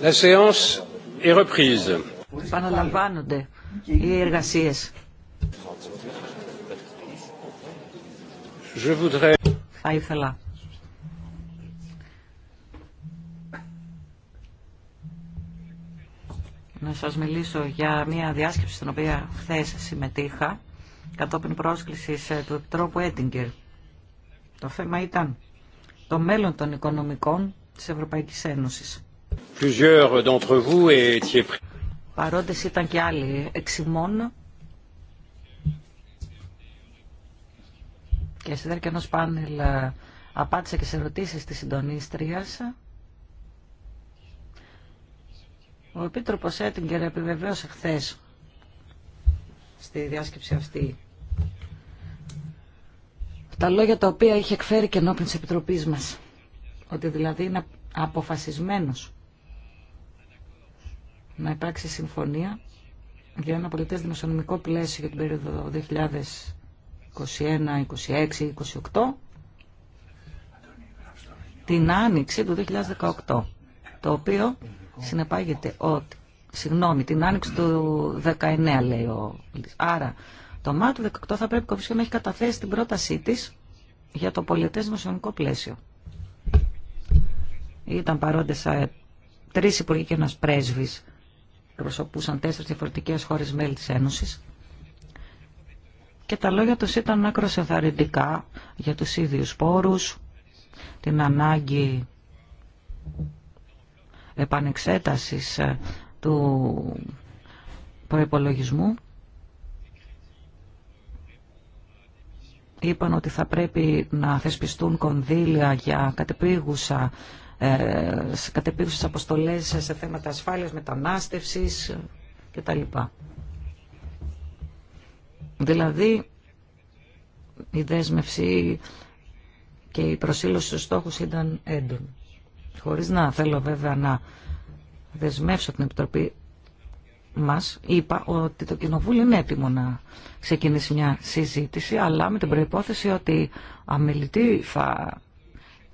La Επαναλαμβάνονται οι εργασίε. Θα ήθελα να σας μιλήσω για μια διάσκεψη στην οποία χθες συμμετείχα κατόπιν πρόσκλησης ε, του Επιτρόπου Έτιγκερ. Το θέμα ήταν το μέλλον των οικονομικών της Ευρωπαϊκής Ένωσης. Παρόντες ήταν και άλλοι εξημών και σε διάρκεια ενός πάνελ απάντησα και σε ερωτήσεις της συντονίστριας. Ο Επίτροπος Έτιγκερ επιβεβαίωσε χθε στη διάσκεψη αυτή τα λόγια τα οποία είχε εκφέρει και ενώπιν της Επιτροπής μας. Ότι δηλαδή είναι αποφασισμένος να υπάρξει συμφωνία για ένα πολιτές δημοσιονομικό πλαίσιο για την περίοδο 2021, 2026, 2028 την άνοιξη του 2018 το οποίο συνεπάγεται ότι συγγνώμη, την άνοιξη του 2019 λέει ο Άρα το Μάρτιο του 18 θα πρέπει η να έχει καταθέσει την πρότασή της για το πολιτές δημοσιονομικό πλαίσιο. Ήταν παρόντες ε, τρεις υπουργοί και ένας πρέσβης εκπροσωπούσαν τέσσερις διαφορετικές χώρες μέλη της Ένωσης. Και τα λόγια τους ήταν άκρος ενθαρρυντικά για τους ίδιους πόρους, την ανάγκη επανεξέτασης ε, του προϋπολογισμού. Είπαν ότι θα πρέπει να θεσπιστούν κονδύλια για κατεπήγουσα ε, κατεπίδουσες αποστολές σε θέματα ασφάλειας, μετανάστευσης κτλ. Δηλαδή, η δέσμευση και η προσήλωση στους στόχους ήταν έντονη. Χωρίς να θέλω βέβαια να δεσμεύσω την Επιτροπή μας, είπα ότι το Κοινοβούλιο είναι έτοιμο να ξεκινήσει μια συζήτηση, αλλά με την προϋπόθεση ότι αμελητή θα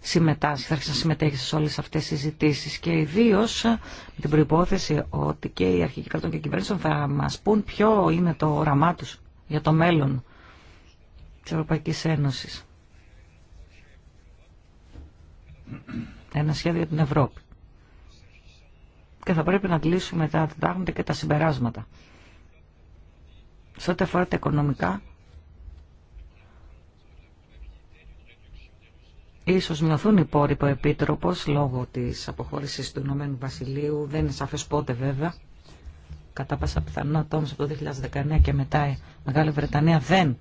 συμμετάσχει, θα να συμμετέχει σε όλες αυτές τις συζητήσεις και ιδίω με την προϋπόθεση ότι και οι αρχικοί κρατών και κυβέρνησεων θα μας πούν ποιο είναι το όραμά τους για το μέλλον της Ευρωπαϊκής Ένωσης. Ένα σχέδιο για την Ευρώπη. Και θα πρέπει να κλείσουμε τα διδάγματα και τα συμπεράσματα. Σε ό,τι αφορά τα οικονομικά, Ίσως μειωθούν οι πόροι που ο Επίτροπος λόγω της αποχώρησης του Ηνωμένου Βασιλείου. Δεν είναι σαφές πότε βέβαια. Κατά πάσα πιθανότητα όμως από το 2019 και μετά η Μεγάλη Βρετανία δεν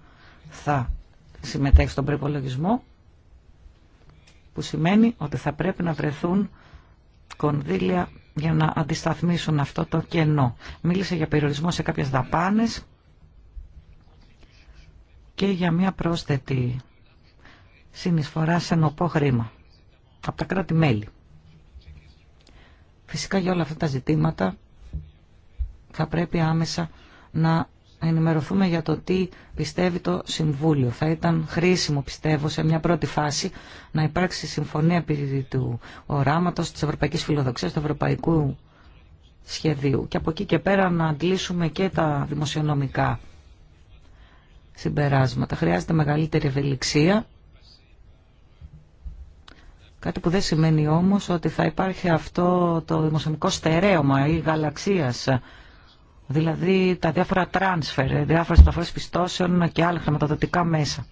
θα συμμετέχει στον προπολογισμό που σημαίνει ότι θα πρέπει να βρεθούν κονδύλια για να αντισταθμίσουν αυτό το κενό. Μίλησε για περιορισμό σε κάποιες δαπάνες και για μια πρόσθετη συνεισφορά σε νοπό χρήμα από τα κράτη-μέλη. Φυσικά για όλα αυτά τα ζητήματα θα πρέπει άμεσα να ενημερωθούμε για το τι πιστεύει το Συμβούλιο. Θα ήταν χρήσιμο, πιστεύω, σε μια πρώτη φάση να υπάρξει συμφωνία επί του οράματος της Ευρωπαϊκής Φιλοδοξίας, του Ευρωπαϊκού Σχεδίου. Και από εκεί και πέρα να αντλήσουμε και τα δημοσιονομικά συμπεράσματα. Χρειάζεται μεγαλύτερη ευελιξία Κάτι που δεν σημαίνει όμως ότι θα υπάρχει αυτό το δημοσιομικό στερέωμα ή γαλαξίας. Δηλαδή τα διάφορα transfer, διάφορες μεταφορές πιστώσεων και άλλα χρηματοδοτικά μέσα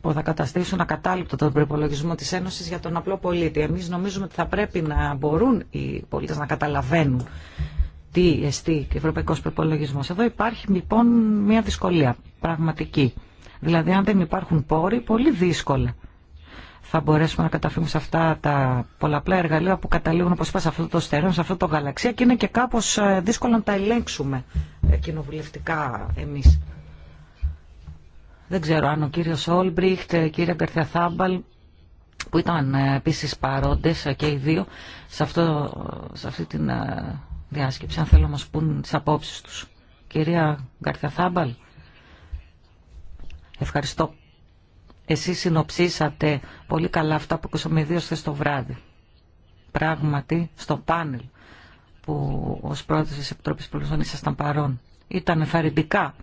που θα καταστήσουν ακατάληπτο τον προπολογισμό της Ένωσης για τον απλό πολίτη. Εμείς νομίζουμε ότι θα πρέπει να μπορούν οι πολίτες να καταλαβαίνουν τι εστί και ευρωπαϊκός προπολογισμό. Εδώ υπάρχει λοιπόν μια δυσκολία πραγματική. Δηλαδή αν δεν υπάρχουν πόροι, πολύ δύσκολα θα μπορέσουμε να καταφύγουμε σε αυτά τα πολλαπλά εργαλεία που καταλήγουν, όπως είπα, σε αυτό το στερέο, σε αυτό το γαλαξία και είναι και κάπως ε, δύσκολο να τα ελέγξουμε ε, κοινοβουλευτικά εμείς. Δεν ξέρω αν ο κύριος Όλμπριχτ, ε, κυρία Γκαρθιά Θάμπαλ, που ήταν επίσης παρόντες και οι δύο σε, αυτό, σε αυτή την διάσκεψη, αν θέλω να μας πούν τις απόψεις τους. Κυρία Γκαρθιά Θάμπαλ, ευχαριστώ εσείς συνοψίσατε πολύ καλά αυτά που ακούσαμε ιδίω το βράδυ. Πράγματι, στο πάνελ που ως πρόεδρος της Επιτροπής Πολιτών ήσασταν παρόν. Ήταν εφαρυντικά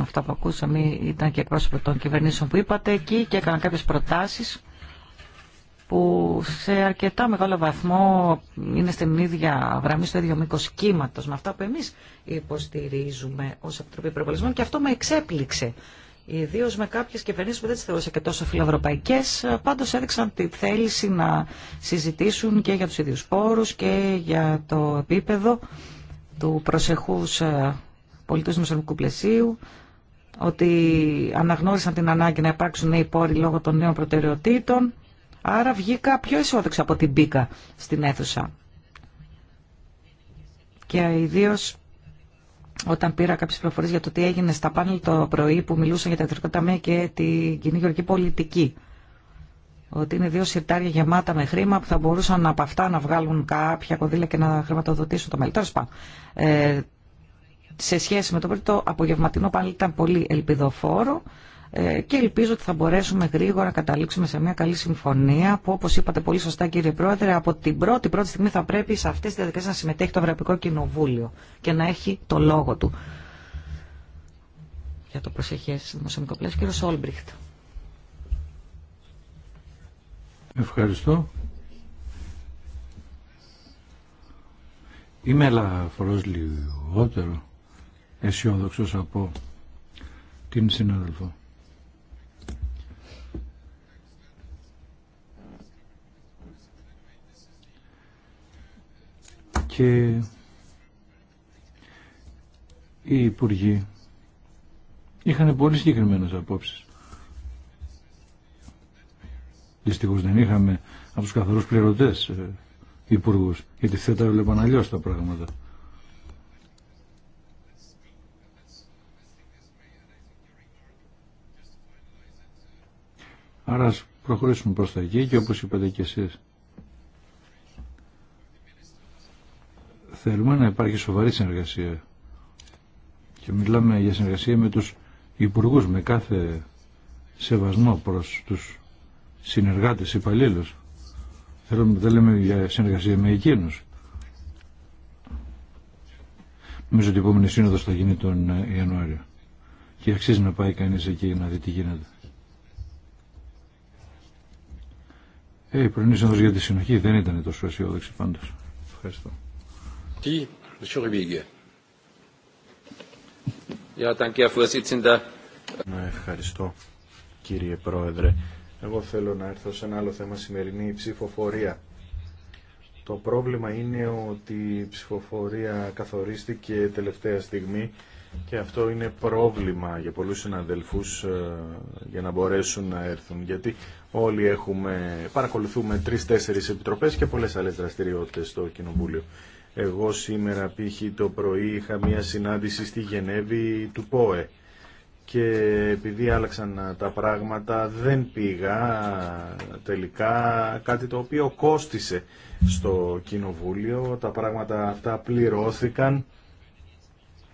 αυτά που ακούσαμε, ήταν και εκπρόσωποι των κυβερνήσεων που είπατε εκεί και έκαναν κάποιες προτάσεις που σε αρκετά μεγάλο βαθμό είναι στην ίδια γραμμή, στο ίδιο μήκο κύματο με αυτά που εμεί υποστηρίζουμε ω Επιτροπή Προπολισμών και αυτό με εξέπληξε Ιδίω με κάποιε κυβερνήσει που δεν τι θεωρούσα και τόσο φιλοευρωπαϊκέ, ε, πάντω έδειξαν τη θέληση να συζητήσουν και για του ίδιου πόρου και για το επίπεδο του προσεχού ε, πολιτού δημοσιονομικού πλαισίου, ότι αναγνώρισαν την ανάγκη να υπάρξουν νέοι πόροι λόγω των νέων προτεραιοτήτων. Άρα βγήκα πιο αισιόδοξα από την μπήκα στην αίθουσα. Και ιδίω όταν πήρα κάποιε πληροφορίε για το τι έγινε στα πάνελ το πρωί που μιλούσαν για τα ιατρικά ταμεία και την κοινή γεωργική πολιτική. Ότι είναι δύο σιρτάρια γεμάτα με χρήμα που θα μπορούσαν από αυτά να βγάλουν κάποια κονδύλια και να χρηματοδοτήσουν το μέλλον. Ε, σε σχέση με το πρώτο, το απογευματινό πάνελ ήταν πολύ ελπιδοφόρο. Ε, και ελπίζω ότι θα μπορέσουμε γρήγορα να καταλήξουμε σε μια καλή συμφωνία που όπως είπατε πολύ σωστά κύριε Πρόεδρε από την πρώτη πρώτη στιγμή θα πρέπει σε αυτές τις διαδικασίες να συμμετέχει το Ευρωπαϊκό Κοινοβούλιο και να έχει το λόγο του. Για το προσεχές δημοσιονομικό πλαίσιο, κύριο Σόλμπριχτ. Ευχαριστώ. Είμαι ελαφρώς λιγότερο αισιόδοξο από την συνάδελφο. και οι υπουργοί είχαν πολύ συγκεκριμένε απόψει. Δυστυχώ δεν είχαμε από τους καθαρούς πληρωτέ ε, υπουργούς, γιατί θα τα βλέπαν αλλιώ τα πράγματα. Άρα ας προχωρήσουμε προς τα εκεί και όπως είπατε και εσείς. θέλουμε να υπάρχει σοβαρή συνεργασία. Και μιλάμε για συνεργασία με τους υπουργούς, με κάθε σεβασμό προς τους συνεργάτες υπαλλήλου. Θέλουμε, δεν λέμε για συνεργασία με εκείνους. Νομίζω ότι η επόμενη σύνοδος θα γίνει τον Ιανουάριο. Και αξίζει να πάει κανείς εκεί να δει τι γίνεται. Ε, η πρωινή σύνοδος για τη συνοχή δεν ήταν τόσο αισιόδοξη πάντως. Ευχαριστώ. Ναι, ευχαριστώ κύριε Πρόεδρε. Εγώ θέλω να έρθω σε ένα άλλο θέμα σημερινή ψηφοφορία. Το πρόβλημα είναι ότι η ψηφοφορία καθορίστηκε τελευταία στιγμή και αυτό είναι πρόβλημα για πολλούς συναδελφούς ε, για να μπορέσουν να έρθουν. Γιατί όλοι έχουμε, παρακολουθούμε τρεις-τέσσερις επιτροπές και πολλές άλλες δραστηριότητες στο Κοινοβούλιο. Εγώ σήμερα π.χ. το πρωί είχα μια συνάντηση στη Γενέβη του ΠΟΕ και επειδή άλλαξαν τα πράγματα δεν πήγα τελικά κάτι το οποίο κόστισε στο Κοινοβούλιο. Τα πράγματα αυτά πληρώθηκαν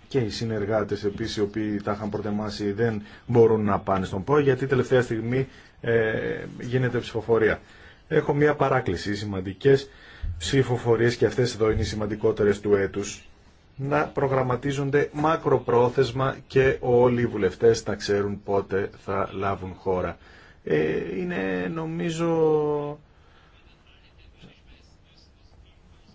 και οι συνεργάτες επίσης οι οποίοι τα είχαν προτεμάσει δεν μπορούν να πάνε στον ΠΟΕ γιατί τελευταία στιγμή ε, γίνεται ψηφοφορία. Έχω μια παράκληση ψηφοφορίες και αυτές εδώ είναι οι σημαντικότερες του έτους να προγραμματίζονται μακροπρόθεσμα και όλοι οι βουλευτές να ξέρουν πότε θα λάβουν χώρα. Ε, είναι νομίζω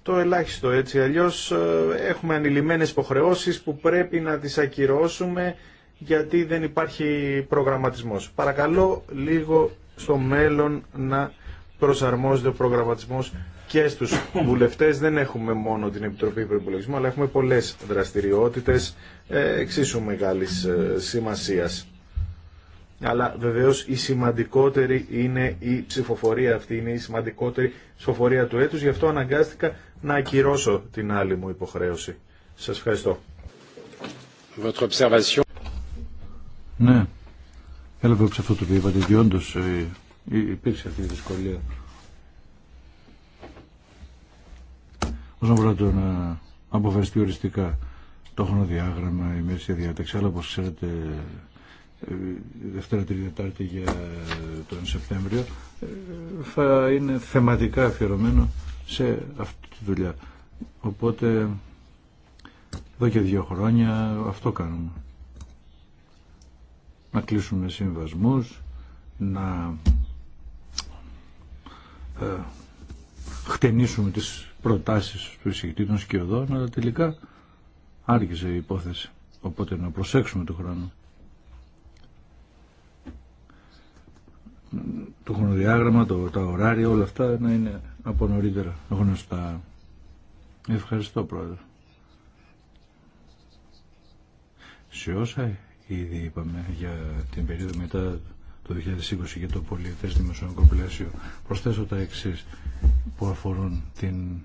το ελάχιστο έτσι. Αλλιώς ε, έχουμε ανηλυμένες υποχρεώσεις που πρέπει να τις ακυρώσουμε γιατί δεν υπάρχει προγραμματισμός. Παρακαλώ λίγο στο μέλλον να προσαρμόζεται ο προγραμματισμός και στου βουλευτέ δεν έχουμε μόνο την Επιτροπή Προπολογισμού, αλλά έχουμε πολλές δραστηριότητες ε, εξίσου μεγάλη ε, σημασία. Αλλά βεβαίως η σημαντικότερη είναι η ψηφοφορία αυτή, είναι η σημαντικότερη ψηφοφορία του έτους, γι' αυτό αναγκάστηκα να ακυρώσω την άλλη μου υποχρέωση. Σας ευχαριστώ. Ναι, έλαβε αυτό το οποίο είπατε, διόντως ε, υπήρξε αυτή η δυσκολία. Όσον αφορά το να αποφασιστεί οριστικά το χρονοδιάγραμμα, η μέση διάταξη, αλλά όπως ξέρετε ε, Δευτέρα, Τρίτη, Τετάρτη για τον Σεπτέμβριο ε, θα είναι θεματικά αφιερωμένο σε αυτή τη δουλειά. Οπότε εδώ και δύο χρόνια αυτό κάνουμε. Να κλείσουμε συμβασμούς, να ε, χτενίσουμε τις προτάσεις του εισηγητή των σκιωδών, αλλά τελικά άρχισε η υπόθεση. Οπότε να προσέξουμε το χρόνο. Το χρονοδιάγραμμα, το, τα ωράρια, όλα αυτά να είναι από νωρίτερα γνωστά. Ευχαριστώ πρόεδρε. Σε όσα ήδη είπαμε για την περίοδο μετά το 2020 για το πολιετές δημοσιονομικό πλαίσιο. Προσθέσω τα εξή που αφορούν την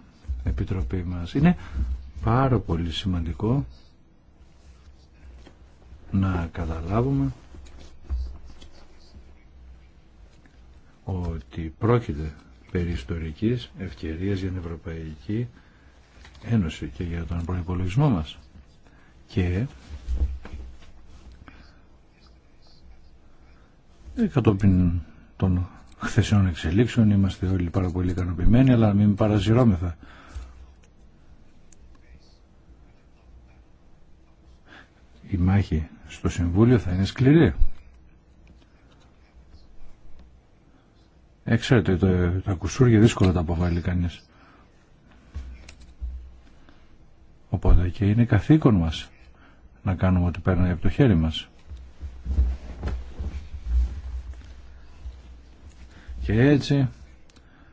Επιτροπή μας. Είναι πάρα πολύ σημαντικό να καταλάβουμε ότι πρόκειται περί ιστορικής ευκαιρίας για την Ευρωπαϊκή Ένωση και για τον προϋπολογισμό μας. Και Ε, κατόπιν των χθεσιών εξελίξεων είμαστε όλοι πάρα πολύ ικανοποιημένοι αλλά μην παραζηρώμεθα. Η μάχη στο Συμβούλιο θα είναι σκληρή. Ε, το, τα κουσούρια δύσκολα τα αποβάλλει κανείς. Οπότε και είναι καθήκον μας να κάνουμε ό,τι παίρνει από το χέρι μας. Και έτσι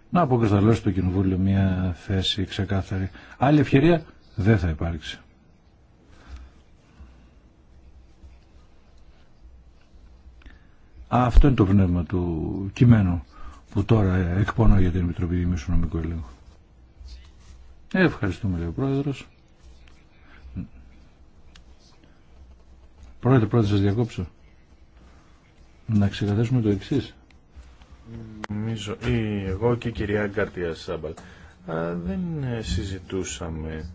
να αποκρισταλώσει το Κοινοβούλιο μια θέση ξεκάθαρη. Άλλη ευκαιρία δεν θα υπάρξει. Αυτό είναι το πνεύμα του κειμένου που τώρα εκπονώ για την Επιτροπή Δημιουργικού Ελέγχου. Ευχαριστούμε, λέει ο Πρόεδρος. Πρόεδρε, πρώτα σας διακόψω. Να ξεκαθαρίσουμε το εξής εγώ και η κυρία Γκάρτια Σάμπαλ, δεν συζητούσαμε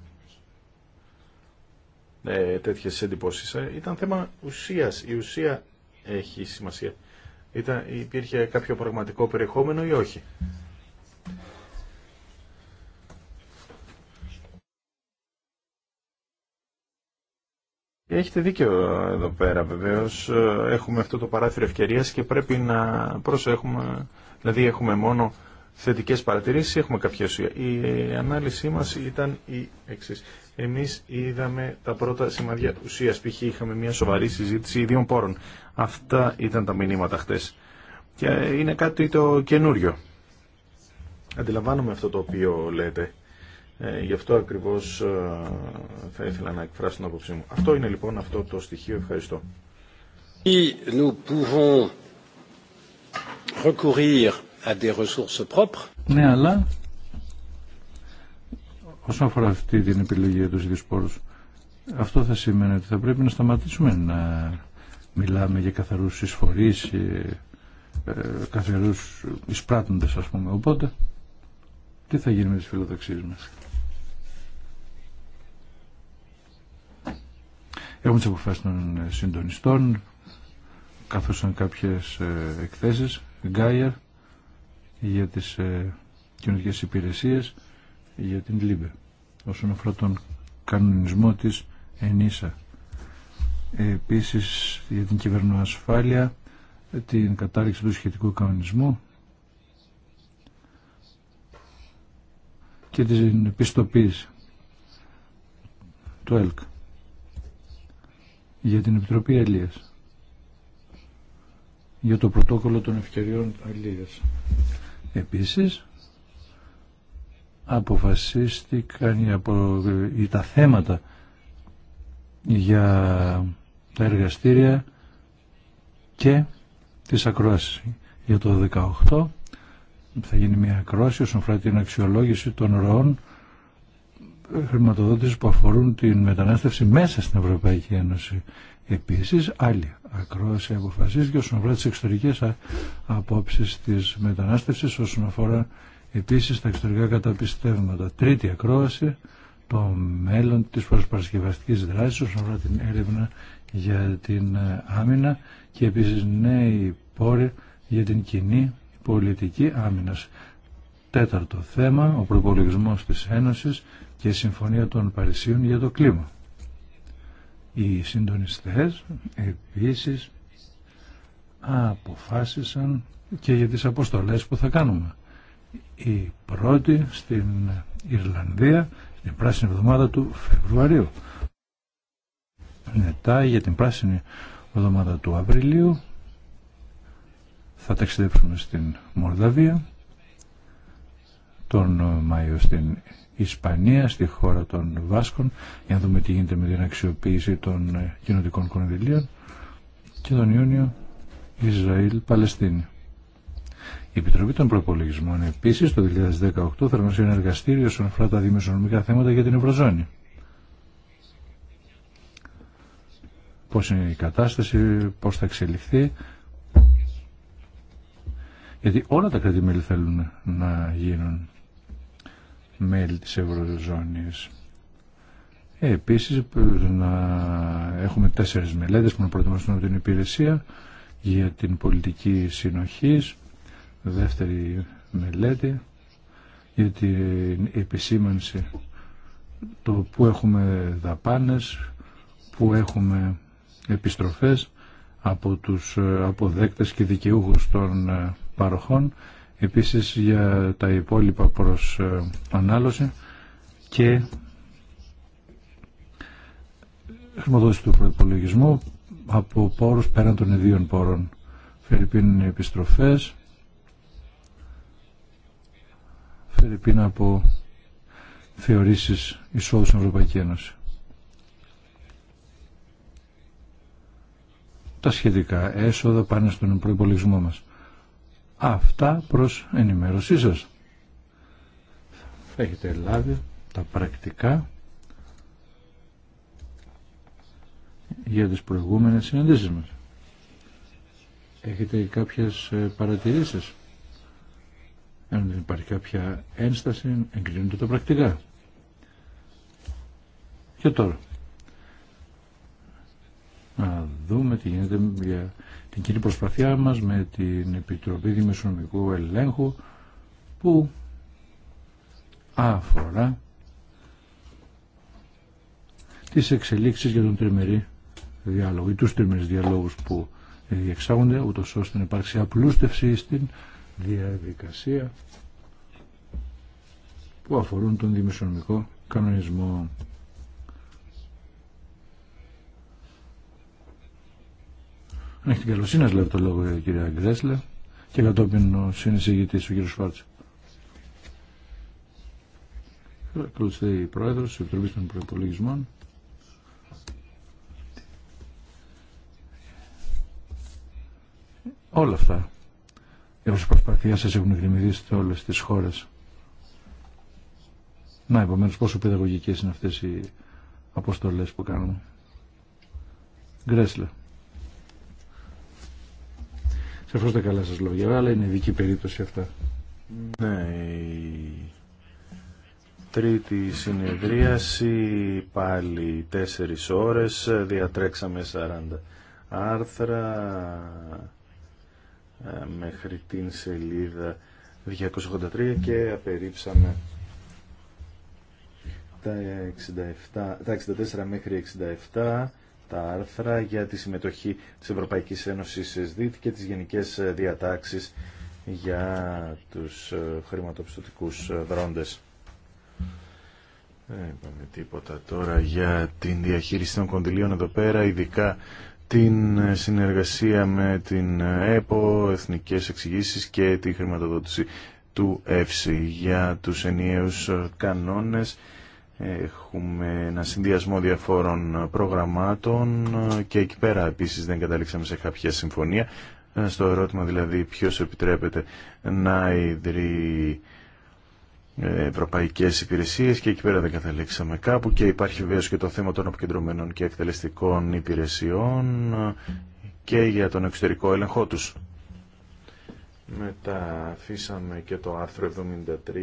ε, τέτοιες εντυπώσεις. Ε, ήταν θέμα ουσίας. Η ουσία έχει σημασία. Ήταν, υπήρχε κάποιο πραγματικό περιεχόμενο ή όχι. Έχετε δίκιο εδώ πέρα βεβαίω. Έχουμε αυτό το παράθυρο ευκαιρία και πρέπει να προσέχουμε, δηλαδή έχουμε μόνο θετικές παρατηρήσεις ή έχουμε κάποια ουσία. Η ανάλυση μας ήταν η εξή. Εμείς είδαμε τα πρώτα σημαδιά ουσία. π.χ. είχαμε μια σοβαρή συζήτηση ιδίων πόρων. Αυτά ήταν τα μηνύματα χτε. Και είναι κάτι το καινούριο. Αντιλαμβάνομαι αυτό το οποίο λέτε. Ε, γι' αυτό ακριβώς ε, θα ήθελα να εκφράσω την άποψή μου. Αυτό είναι λοιπόν αυτό το στοιχείο. Ευχαριστώ. Ναι, αλλά όσον αφορά αυτή την επιλογή για τους ίδιους αυτό θα σημαίνει ότι θα πρέπει να σταματήσουμε να μιλάμε για καθαρούς εισφορείς, ε, καθαρούς εισπράττοντες ας πούμε. Οπότε, τι θα γίνει με τις φιλοδοξίες μας. Έχουμε τι αποφάσει των ε, συντονιστών, καθώς κάποιε κάποιες ε, εκθέσεις, Γκάιερ, για τις ε, κοινωνικές για την ΛΥΜΠΕ, όσον αφορά τον κανονισμό της ΕΝΙΣΑ. Επίσης, για την κυβερνοασφάλεια, την κατάρριξη του σχετικού κανονισμού και την πιστοποίηση του ΕΛΚ για την Επιτροπή Ελίας για το πρωτόκολλο των ευκαιριών Ελίας Επίσης, αποφασίστηκαν από, τα θέματα για τα εργαστήρια και τις ακρόασεις. Για το 18 θα γίνει μια ακρόαση όσον αφορά την αξιολόγηση των ροών χρηματοδότηση που αφορούν την μετανάστευση μέσα στην Ευρωπαϊκή Ένωση. επίση άλλη ακρόαση αποφασίζει και όσον αφορά τι εξωτερικέ απόψεις της μετανάστευσης, όσον αφορά επίση τα εξωτερικά καταπιστεύματα. Τρίτη ακρόαση, το μέλλον της προσπαρασκευαστική δράση όσον αφορά την έρευνα για την ε, άμυνα και επίση νέοι πόροι για την κοινή πολιτική άμυνα. Τέταρτο θέμα, ο προπολογισμό της Ένωση και Συμφωνία των Παρισίων για το κλίμα. Οι συντονιστές επίσης αποφάσισαν και για τις αποστολές που θα κάνουμε. Η πρώτη στην Ιρλανδία, την Πράσινη Εβδομάδα του Φεβρουαρίου. Μετά για την Πράσινη Εβδομάδα του Απριλίου θα ταξιδέψουμε στην Μορδαβία, τον Μάιο στην Ισπανία, στη χώρα των Βάσκων, για να δούμε τι γίνεται με την αξιοποίηση των ε, κοινωτικών κονδυλίων και τον Ιούνιο Ισραήλ-Παλαιστίνη. Η Επιτροπή των Προπολογισμών επίση το 2018 θερμοσύνει ένα εργαστήριο όσον αφορά τα δημοσιονομικά θέματα για την Ευρωζώνη. Πώ είναι η κατάσταση, πώ θα εξελιχθεί. Γιατί όλα τα κρατημέλη θέλουν να γίνουν μέλη της Ευρωζώνης. Ε, επίσης να έχουμε τέσσερις μελέτες που να προετοιμαστούν από την υπηρεσία για την πολιτική συνοχής, δεύτερη μελέτη για την επισήμανση το που έχουμε δαπάνες, που έχουμε επιστροφές από τους αποδέκτες και δικαιούχους των παροχών επίσης για τα υπόλοιπα προς ε, ανάλωση και χρηματοδότηση του προπολογισμού από πόρους πέραν των ιδίων πόρων. Φερρυπίν επιστροφές, Φερρυπίν από θεωρήσεις εισόδου στην Ευρωπαϊκή Ένωση. Τα σχετικά έσοδα πάνε στον προϋπολογισμό μας. Αυτά προς ενημέρωσή σας. Έχετε λάβει τα πρακτικά για τις προηγούμενες συναντήσεις μας. Έχετε κάποιες ε, παρατηρήσεις. Αν δεν υπάρχει κάποια ένσταση, εγκρίνονται τα πρακτικά. Και τώρα δούμε τι γίνεται για την κοινή προσπαθειά μας με την Επιτροπή Δημοσιονομικού Ελέγχου που αφορά τις εξελίξεις για τον τριμερή διάλογο ή τους τριμερείς διαλόγους που διεξάγονται ούτως ώστε να υπάρξει απλούστευση στην διαδικασία που αφορούν τον δημοσιονομικό κανονισμό. Να έχει την καλοσύνη να λέω το λόγο η ε, κυρία Γκρέσλε και κατόπιν ο συνεισηγητής ο κύριος Σφάρτς. Ακολουθεί η Πρόεδρος της Επιτροπής των Προϋπολογισμών. Όλα αυτά, όσες προσπαθίες σας έχουν εκδημηθεί σε όλες τις χώρες. Να, επομένως, πόσο παιδαγωγικές είναι αυτές οι αποστολές που κάνουμε. Γκρέσλε. Σε τα καλά σας λόγια, αλλά είναι δική περίπτωση αυτά. Ναι, τρίτη συνεδρίαση, πάλι τέσσερις ώρες, διατρέξαμε 40 άρθρα ε, μέχρι την σελίδα 283 και απερίψαμε τα, 67, τα 64 μέχρι 67 τα άρθρα για τη συμμετοχή της Ευρωπαϊκής Ένωσης σε ΣΔΙΤ και τις γενικές ε, διατάξεις για τους ε, χρηματοπιστωτικούς ε, δρόντες. Δεν είπαμε τίποτα τώρα για την διαχείριση των κοντιλίων εδώ πέρα, ειδικά την συνεργασία με την ΕΠΟ, Εθνικές Εξηγήσεις και τη χρηματοδότηση του ΕΦΣΙ για τους ενιαίους κανόνες Έχουμε ένα συνδυασμό διαφόρων προγραμμάτων και εκεί πέρα επίσης δεν καταλήξαμε σε κάποια συμφωνία. Ε, στο ερώτημα δηλαδή ποιος επιτρέπεται να ιδρύει ε, ευρωπαϊκές υπηρεσίες και εκεί πέρα δεν καταλήξαμε κάπου και υπάρχει βέβαια και το θέμα των αποκεντρωμένων και εκτελεστικών υπηρεσιών ε, και για τον εξωτερικό έλεγχό τους. Μετά αφήσαμε και το άρθρο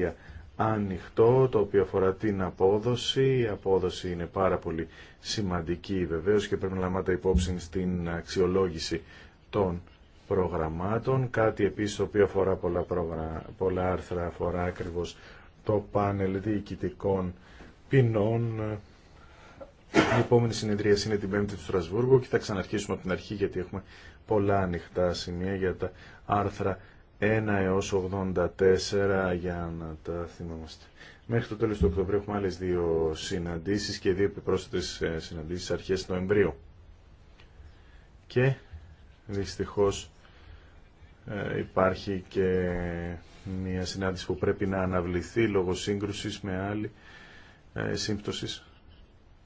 73 ανοιχτό το οποίο αφορά την απόδοση. Η απόδοση είναι πάρα πολύ σημαντική βεβαίως και πρέπει να λαμβάνετε υπόψη στην αξιολόγηση των προγραμμάτων. Κάτι επίσης το οποίο αφορά πολλά, προγρα... πολλά άρθρα αφορά ακριβώς το πάνελ διοικητικών ποινών. Η επόμενη συνεδρία είναι την 5 του Στρασβούργου και θα ξαναρχίσουμε από την αρχή γιατί έχουμε πολλά ανοιχτά σημεία για τα άρθρα 1 έως 84 για να τα θυμόμαστε. Μέχρι το τέλος του Οκτωβρίου έχουμε άλλες δύο συναντήσεις και δύο επιπρόσθετες ε, συναντήσεις αρχές Νοεμβρίου. Και δυστυχώς ε, υπάρχει και μια συνάντηση που πρέπει να αναβληθεί λόγω σύγκρουσης με άλλη ε, σύμπτωση.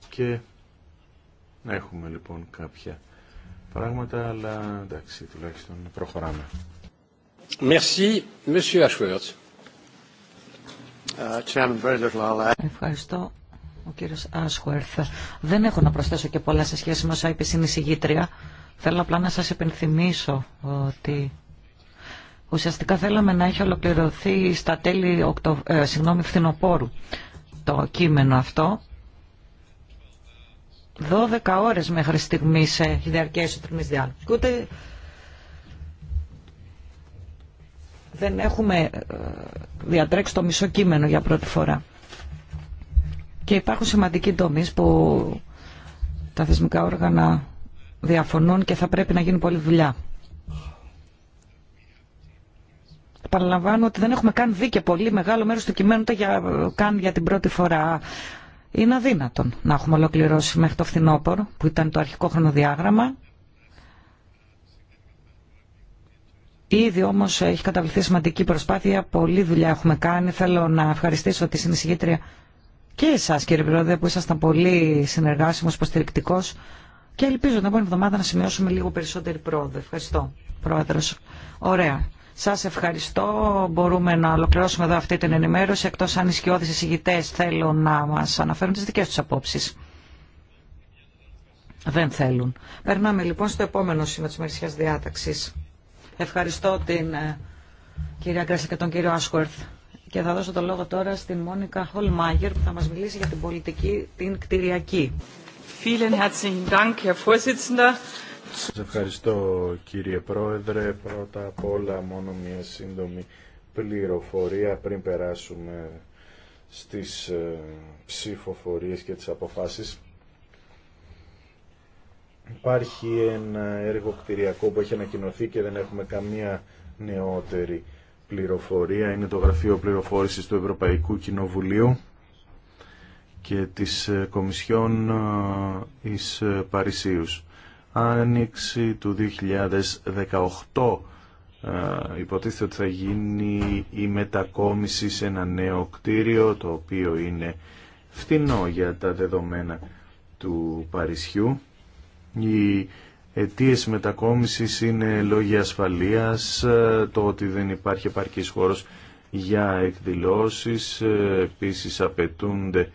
Και έχουμε λοιπόν κάποια πράγματα, αλλά εντάξει τουλάχιστον προχωράμε. Uh, Ευχαριστώ, ο κύριος Ashworth. Δεν έχω να προσθέσω και πολλά σε σχέση με όσα είπε η συνεισηγήτρια. Θέλω απλά να σας υπενθυμίσω ότι ουσιαστικά θέλαμε να έχει ολοκληρωθεί στα τέλη οκτω... ε, συγγνώμη, φθινοπόρου το κείμενο αυτό. 12 ώρες μέχρι στιγμή έχει διαρκέσει ο τριμής διάλογο. Ούτε δεν έχουμε ε, διατρέξει το μισό κείμενο για πρώτη φορά. Και υπάρχουν σημαντικοί τομεί που τα θεσμικά όργανα διαφωνούν και θα πρέπει να γίνει πολλή δουλειά. Παραλαμβάνω ότι δεν έχουμε καν δει και πολύ μεγάλο μέρος του κειμένου για, καν για την πρώτη φορά. Είναι αδύνατον να έχουμε ολοκληρώσει μέχρι το φθινόπωρο που ήταν το αρχικό χρονοδιάγραμμα Ήδη όμω έχει καταβληθεί σημαντική προσπάθεια, πολλή δουλειά έχουμε κάνει. Θέλω να ευχαριστήσω τη συνεισηγήτρια και εσάς κύριε Πρόεδρε που ήσασταν πολύ συνεργάσιμο, υποστηρικτικό και ελπίζω την επόμενη εβδομάδα να σημειώσουμε λίγο περισσότερη πρόοδο. Ευχαριστώ πρόεδρο. Ωραία. Σα ευχαριστώ. Μπορούμε να ολοκληρώσουμε εδώ αυτή την ενημέρωση εκτό αν οι σκιώδεις θέλω να μα αναφέρουν τι δικέ του απόψει. Δεν θέλουν. Περνάμε λοιπόν στο επόμενο σήμα τη διάταξη. Ευχαριστώ την ε, κυρία Κράση και τον κύριο Άσχορθ. Και θα δώσω το λόγο τώρα στην Μόνικα Χολμάγερ που θα μας μιλήσει για την πολιτική την κτηριακή. Σας ευχαριστώ κύριε Πρόεδρε. Πρώτα απ' όλα μόνο μια σύντομη πληροφορία πριν περάσουμε στις ε, ψηφοφορίες και τις αποφάσεις. Υπάρχει ένα έργο κτηριακό που έχει ανακοινωθεί και δεν έχουμε καμία νεότερη πληροφορία. Είναι το Γραφείο Πληροφόρησης του Ευρωπαϊκού Κοινοβουλίου και της ε, Κομισιόν ε, εις ε, Παρισίους. Άνοιξη του 2018 υποτίθεται ότι θα γίνει η μετακόμιση σε ένα νέο κτίριο το οποίο είναι φτηνό για τα δεδομένα του Παρισιού οι αιτίε μετακόμισης είναι λόγια ασφαλείας, ε, το ότι δεν υπάρχει επαρκής χώρος για εκδηλώσεις, ε, επίσης απαιτούνται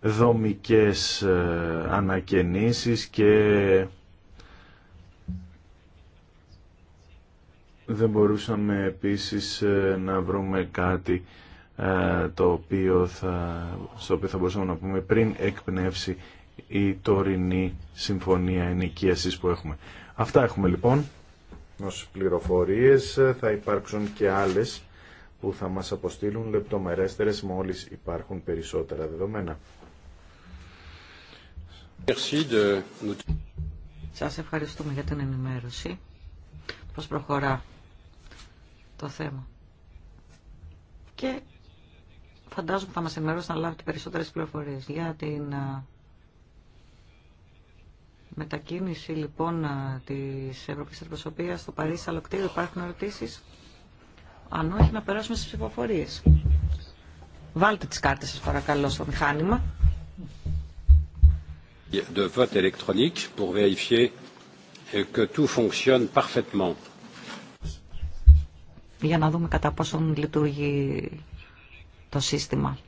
δομικές ε, ανακαινήσεις και δεν μπορούσαμε επίσης να βρούμε κάτι το οποίο θα, στο οποίο θα μπορούσαμε να πούμε πριν εκπνεύσει η τωρινή συμφωνία ενοικίασης που έχουμε. Αυτά έχουμε λοιπόν ως πληροφορίες. Ε, θα υπάρξουν και άλλες που θα μας αποστείλουν λεπτομερέστερες μόλις υπάρχουν περισσότερα δεδομένα. Σας ευχαριστούμε για την ενημέρωση. Πώς προχωρά το θέμα. Και φαντάζομαι θα μας ενημερώσουν να λάβετε περισσότερες πληροφορίες για την ε, Μετακίνηση λοιπόν της Ευρωπαϊκής Αντιπροσωπείας στο Παρίσι κτίριο υπάρχουν ερωτήσει. Αν όχι να περάσουμε στις ψηφοφορίες. Βάλτε τις κάρτες σας παρακαλώ στο μηχάνημα. De vote électronique pour vérifier euh, que tout fonctionne parfaitement. Για να δούμε κατά πόσον λειτουργεί το σύστημα.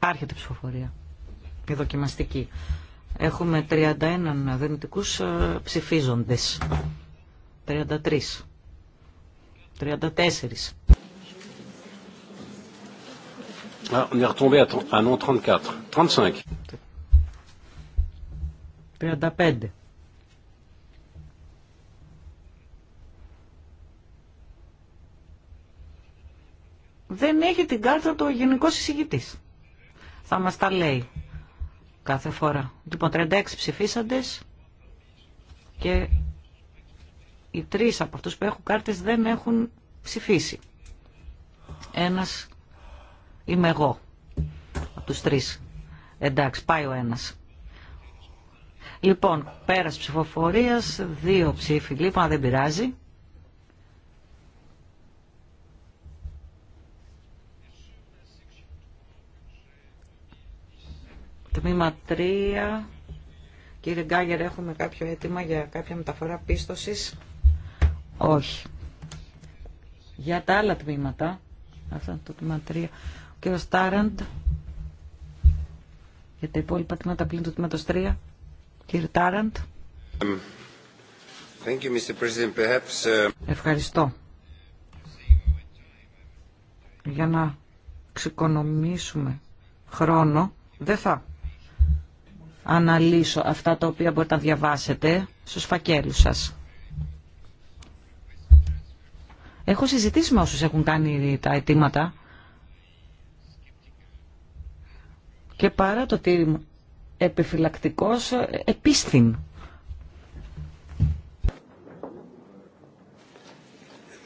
Άρχεται η ψηφοφορία. Η Δοκιμαστική. Έχουμε 31 δυνητικούς ε, ψηφίζοντες. 33. 34. Ah, 34. 35. 35. Δεν έχει την κάρτα του ο Γενικός Εισηγητής. Θα μας τα λέει κάθε φορά. Λοιπόν, 36 ψηφίσαντες και οι τρεις από αυτούς που έχουν κάρτες δεν έχουν ψηφίσει. Ένας είμαι εγώ από τους τρεις. Εντάξει, πάει ο ένας. Λοιπόν, πέρας ψηφοφορίας, δύο ψήφοι. Λοιπόν, δεν πειράζει. Τμήμα 3. Κύριε Γκάγερ, έχουμε κάποιο αίτημα για κάποια μεταφορά πίστοσης. Όχι. Για τα άλλα τμήματα, αυτό είναι το τμήμα 3, ο κύριος Τάραντ, για τα υπόλοιπα τμήματα πλήν του τμήματος 3, κύριε Τάραντ. Um, thank you, Mr. Uh, Ευχαριστώ. Για να ξεκονομήσουμε χρόνο, δεν θα αναλύσω αυτά τα οποία μπορείτε να διαβάσετε στους φακέλους σας. Έχω συζητήσει με όσους έχουν κάνει τα αιτήματα και παρά το ότι επιφυλακτικός επίστην.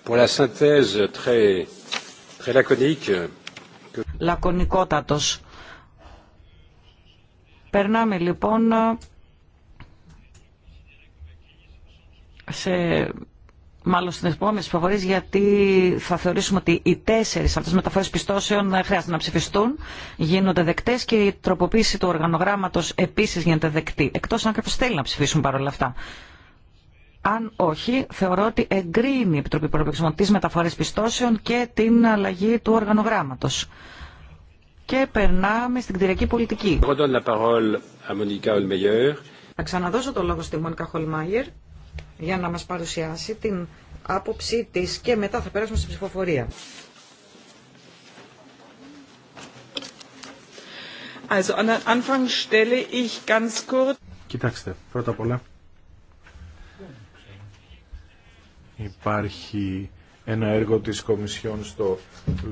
Pour la synthèse très, très Περνάμε λοιπόν σε μάλλον στι επόμενε προφορίες γιατί θα θεωρήσουμε ότι οι τέσσερις αυτές μεταφορές μεταφορέ πιστώσεων χρειάζεται να ψηφιστούν, γίνονται δεκτές και η τροποποίηση του οργανογράμματος επίσης γίνεται δεκτή. Εκτός αν κάποιος θέλει να ψηφίσουν παρόλα αυτά. Αν όχι, θεωρώ ότι εγκρίνει η Επιτροπή τι μεταφορέ πιστώσεων και την αλλαγή του οργανογράμματος. Και περνάμε στην κτηριακή πολιτική. Θα ξαναδώσω το λόγο στη Μόνικα Χολμάγερ για να μας παρουσιάσει την άποψή της και μετά θα περάσουμε στην ψηφοφορία. Also, an Anfang stelle ich ganz kurz... Κοιτάξτε, πρώτα απ' όλα υπάρχει ένα έργο της Κομισιόν στο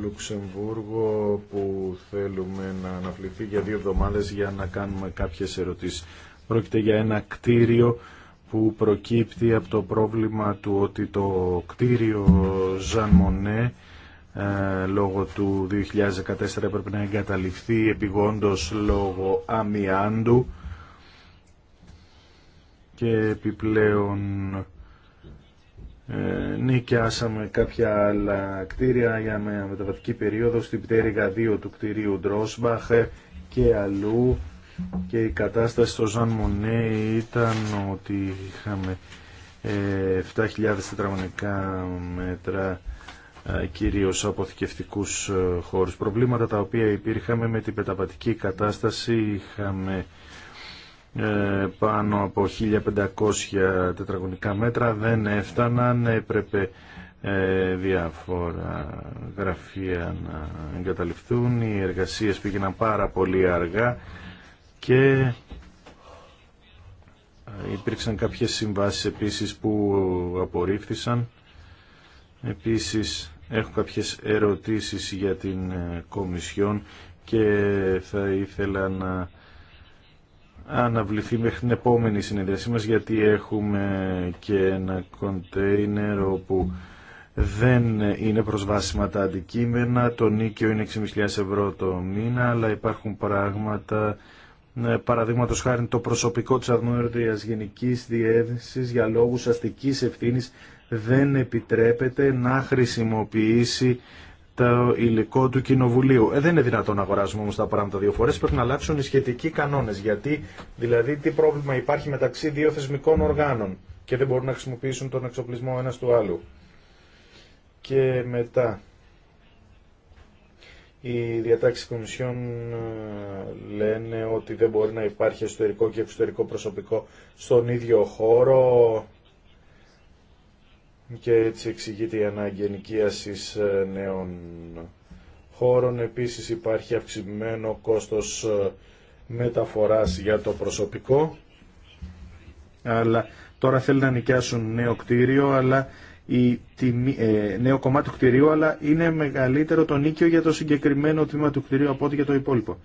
Λουξεμβούργο που θέλουμε να αναπληθεί για δύο εβδομάδες για να κάνουμε κάποιες ερωτήσεις. Πρόκειται για ένα κτίριο που προκύπτει από το πρόβλημα του ότι το κτίριο Ζαν Μονέ ε, λόγω του 2014 έπρεπε να εγκαταληφθεί επιγόντως λόγω αμοιάντου και επιπλέον ε, νοικιάσαμε κάποια άλλα κτίρια για μια μεταβατική περίοδο στην πτέρυγα 2 του κτηρίου Ντρόσμπαχ ε, και αλλού και η κατάσταση στο Ζαν Μονέ ήταν ότι είχαμε 7.000 ε, τετραγωνικά μέτρα κυρίως αποθηκευτικούς χώρους. Προβλήματα τα οποία υπήρχαμε με την πεταπατική κατάσταση είχαμε ε, πάνω από 1500 τετραγωνικά μέτρα δεν έφταναν, έπρεπε ε, διάφορα γραφεία να εγκαταληφθούν οι εργασίες πήγαιναν πάρα πολύ αργά και ε, υπήρξαν κάποιες συμβάσεις επίσης που απορρίφθησαν. Επίσης έχω κάποιες ερωτήσεις για την Κομισιόν και θα ήθελα να αναβληθεί μέχρι την επόμενη συνεδρίασή μας γιατί έχουμε και ένα κοντέινερ όπου δεν είναι προσβάσιμα τα αντικείμενα, το νίκιο είναι 6.500 ευρώ το μήνα, αλλά υπάρχουν πράγματα, ε, παραδείγματο χάρη το προσωπικό της αρμόδιας γενικής διεύθυνσης για λόγους αστικής ευθύνης δεν επιτρέπεται να χρησιμοποιήσει το υλικό του Κοινοβουλίου. Ε, δεν είναι δυνατόν να αγοράζουμε όμω τα πράγματα δύο φορέ. Πρέπει να αλλάξουν οι σχετικοί κανόνε. Γιατί, δηλαδή, τι πρόβλημα υπάρχει μεταξύ δύο θεσμικών οργάνων και δεν μπορούν να χρησιμοποιήσουν τον εξοπλισμό ένα του άλλου. Και μετά. Οι διατάξει Κομισιόν ε, λένε ότι δεν μπορεί να υπάρχει εσωτερικό και εξωτερικό προσωπικό στον ίδιο χώρο και έτσι εξηγείται η ανάγκη ενοικίασης ε, νέων χώρων. Επίσης υπάρχει αυξημένο κόστος ε, μεταφοράς για το προσωπικό. Αλλά τώρα θέλουν να νοικιάσουν νέο κτίριο, αλλά η ε, νέο κομμάτι του κτηρίου, αλλά είναι μεγαλύτερο το νίκιο για το συγκεκριμένο τμήμα του κτιρίου από ό,τι για το υπόλοιπο.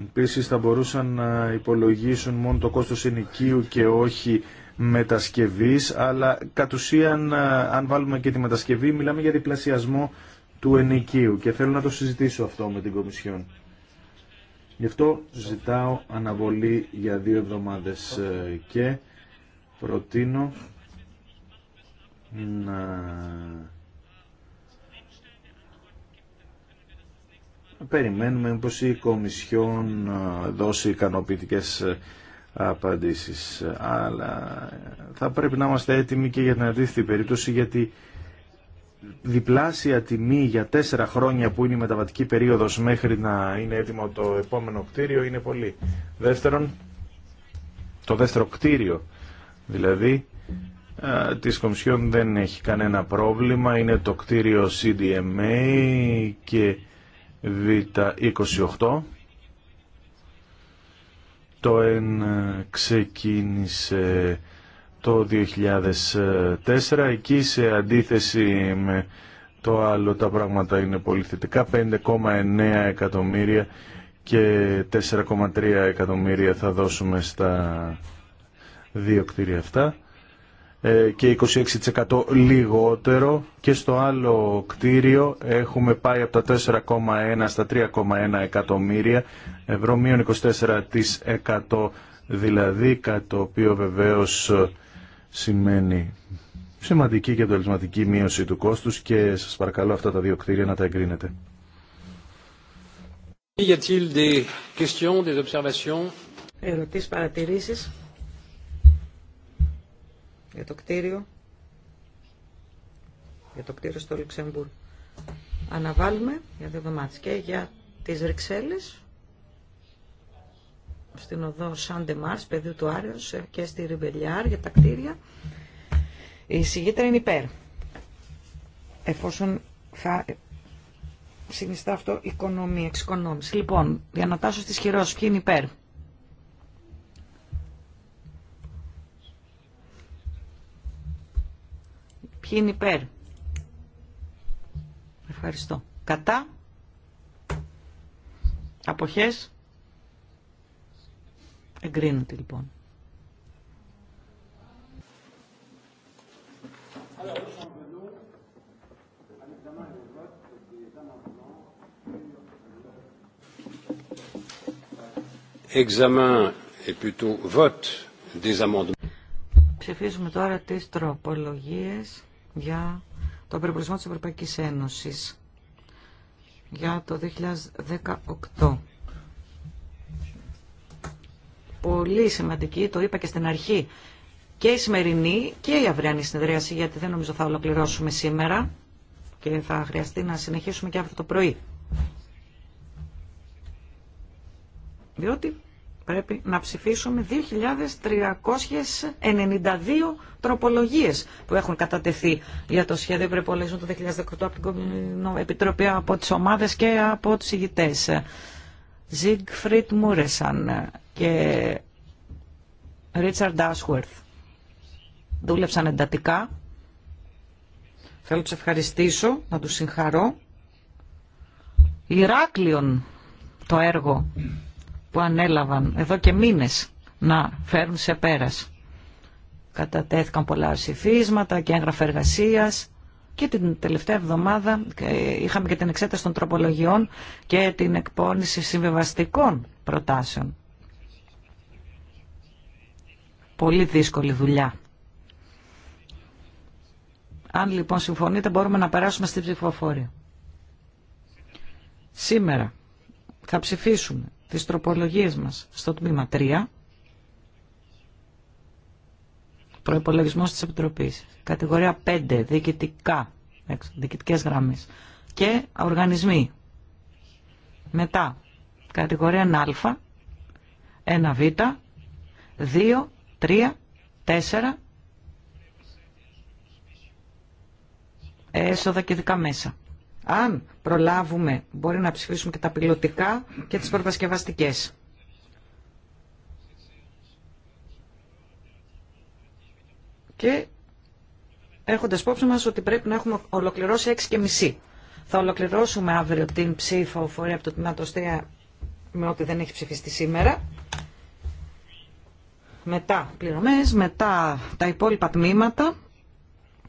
Επίση θα μπορούσαν να υπολογίσουν μόνο το κόστος ενοικίου και όχι μετασκευής, αλλά κατ' ουσίαν αν βάλουμε και τη μετασκευή μιλάμε για διπλασιασμό του ενοικίου και θέλω να το συζητήσω αυτό με την Κομισιόν. Γι' αυτό ζητάω αναβολή για δύο εβδομάδες ε, και προτείνω να περιμένουμε πως η Κομισιόν ε, δώσει ικανοποιητικές ε, απαντήσεις. Αλλά θα πρέπει να είμαστε έτοιμοι και για την αντίθετη περίπτωση γιατί διπλάσια τιμή για τέσσερα χρόνια που είναι η μεταβατική περίοδος μέχρι να είναι έτοιμο το επόμενο κτίριο είναι πολύ. Δεύτερον, το δεύτερο κτίριο δηλαδή της Κομισιόν δεν έχει κανένα πρόβλημα, είναι το κτίριο CDMA και Β28 το ΕΝ ξεκίνησε το 2004. Εκεί σε αντίθεση με το άλλο τα πράγματα είναι πολύ θετικά. 5,9 εκατομμύρια και 4,3 εκατομμύρια θα δώσουμε στα δύο κτίρια αυτά. Ε, και 26% λιγότερο και στο άλλο κτίριο έχουμε πάει από τα 4,1 στα 3,1 εκατομμύρια ευρώ μείον 24% δηλαδή κάτι το οποίο βεβαίως ε, σημαίνει σημαντική και αποτελεσματική μείωση του κόστους και σας παρακαλώ αυτά τα δύο κτίρια να τα εγκρίνετε. Ερωτήσεις, παρατηρήσεις για το κτίριο, για το κτίριο στο Λουξεμβούργο. Αναβάλουμε για δύο εβδομάδες και για τις Ρυξέλλες, στην οδό Σάντε Μάρς, πεδίου του Άριος και στη Ριμπελιάρ για τα κτίρια. Η συγγήτρα είναι υπέρ. Εφόσον θα συνιστά αυτό οικονομία, εξοικονόμηση. Λοιπόν, διανατάσσω στις χειρός. Ποιοι είναι υπέρ. Ποιοι είναι υπέρ. Ευχαριστώ. Κατά. Αποχές. Εγκρίνεται λοιπόν. Examen et plutôt vote des amendements. Ψηφίζουμε τώρα τις τροπολογίες για τον περιβολισμό της Ευρωπαϊκής Ένωσης για το 2018. Πολύ σημαντική, το είπα και στην αρχή, και η σημερινή και η αυριανή συνεδρίαση, γιατί δεν νομίζω θα ολοκληρώσουμε σήμερα και θα χρειαστεί να συνεχίσουμε και αύριο το πρωί. Διότι πρέπει να ψηφίσουμε 2.392 τροπολογίες που έχουν κατατεθεί για το σχέδιο προπολογισμού του 2018 από την Επιτροπή, από τις ομάδες και από τους ηγητές. Ζίγκφριτ Μούρεσαν και Ρίτσαρντ Άσχουερθ δούλεψαν εντατικά. Θέλω να τους ευχαριστήσω, να τους συγχαρώ. Ηράκλειον το έργο που ανέλαβαν εδώ και μήνες να φέρουν σε πέρας. Κατατέθηκαν πολλά ψηφίσματα και έγγραφα εργασία και την τελευταία εβδομάδα είχαμε και την εξέταση των τροπολογιών και την εκπόνηση συμβιβαστικών προτάσεων. Πολύ δύσκολη δουλειά. Αν λοιπόν συμφωνείτε μπορούμε να περάσουμε στην ψηφοφόρια. Σήμερα θα ψηφίσουμε τις τροπολογίες μας στο τμήμα 3, προϋπολογισμός της Επιτροπής, κατηγορία 5, διοικητικά, διοικητικές γραμμές και οργανισμοί. Μετά, κατηγορία 1α, 1β, 2, 3, 4, έσοδα και δικά μέσα αν προλάβουμε, μπορεί να ψηφίσουμε και τα πιλωτικά και τις προπασκευαστικές. Και έχοντας υπόψη μας ότι πρέπει να έχουμε ολοκληρώσει 6 και μισή. Θα ολοκληρώσουμε αύριο την ψήφα οφορία από το τμήμα με ό,τι δεν έχει ψηφιστεί σήμερα. Μετά πληρωμές, μετά τα υπόλοιπα τμήματα.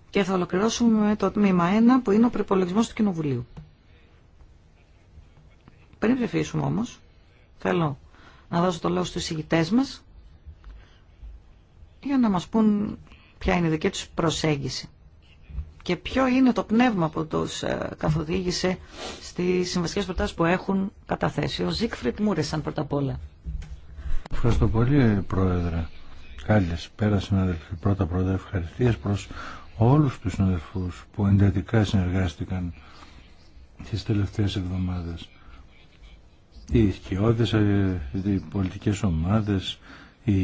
Και θα ολοκληρώσουμε με το τμήμα 1 που είναι ο προπολογισμό του Κοινοβουλίου. Πριν ψηφίσουμε όμω, θέλω να δώσω το λόγο στου ηγητέ μα για να μα πούν ποια είναι η δική του προσέγγιση και ποιο είναι το πνεύμα που του ε, καθοδήγησε στι συμβασικέ προτάσει που έχουν καταθέσει. Ο Ζίκφριτ Μούρεσαν πρώτα απ' όλα. Ευχαριστώ πολύ, Πρόεδρε. Κάλλιες, πέρα συναδελφοί, πρώτα πρώτα ευχαριστίες προς όλους τους συναδελφούς που εντατικά συνεργάστηκαν τις τελευταίες εβδομάδες. Οι ισχυώδες, ε, οι πολιτικές ομάδες, οι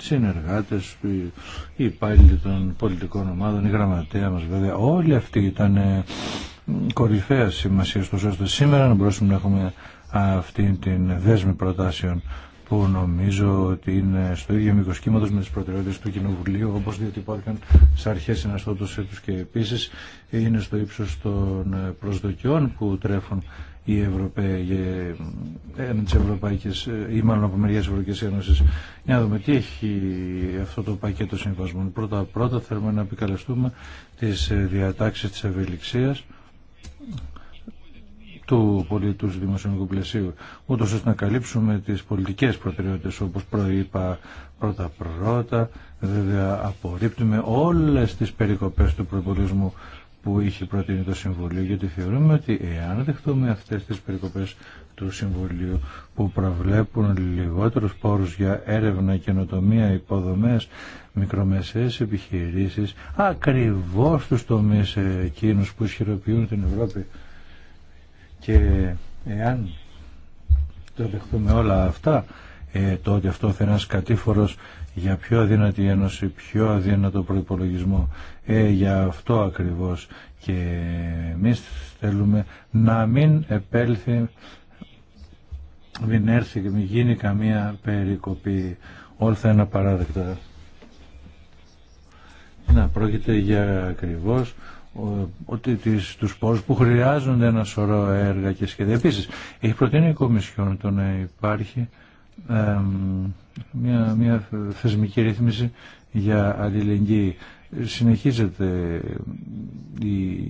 συνεργάτες, οι υπάλληλοι των πολιτικών ομάδων, η γραμματέα μας βέβαια, όλοι αυτοί ήταν ε, κορυφαία σημασία στο σώστο. σήμερα να μπορέσουμε να έχουμε αυτή την δέσμη προτάσεων που νομίζω ότι είναι στο ίδιο μήκο κύματο με τι προτεραιότητε του Κοινοβουλίου, όπω διατυπώθηκαν σε αρχέ εναστότω έτου και επίση είναι στο ύψο των προσδοκιών που τρέφουν οι Ευρωπαίοι, ε, ε, Ευρωπαϊκέ, ε, ή μάλλον από μεριά τη Ευρωπαϊκή Ένωση. Για να δούμε τι έχει αυτό το πακέτο συμβασμών. Πρώτα-πρώτα θέλουμε να επικαλεστούμε τι διατάξει τη ευελιξία του πολιτού δημοσιονομικού πλαισίου, ούτω ώστε να καλύψουμε τι πολιτικέ προτεραιότητε όπω προείπα πρώτα-πρώτα. Βέβαια, απορρίπτουμε όλε τι περικοπέ του προπολισμού που είχε προτείνει το Συμβουλίο, γιατί θεωρούμε ότι εάν δεχτούμε αυτέ τι περικοπέ του Συμβουλίου που προβλέπουν λιγότερου πόρου για έρευνα, καινοτομία, υποδομέ, μικρομεσαίε επιχειρήσει ακριβώ του τομεί εκείνου που ισχυροποιούν την Ευρώπη και εάν το δεχτούμε όλα αυτά, ε, τότε αυτό θα είναι ένας κατήφορος για πιο αδύνατη ένωση, πιο αδύνατο προϋπολογισμό. Ε, για αυτό ακριβώς και εμείς θέλουμε να μην επέλθει, μην έρθει και μην γίνει καμία περικοπή. Όλθα θα είναι Να, πρόκειται για ακριβώς ότι τις, τους πόρους που χρειάζονται ένα σωρό έργα και σχέδια. Επίσης, έχει προτείνει η Κομισιόν το να υπάρχει μια, μια θεσμική ρύθμιση για αλληλεγγύη. Συνεχίζεται η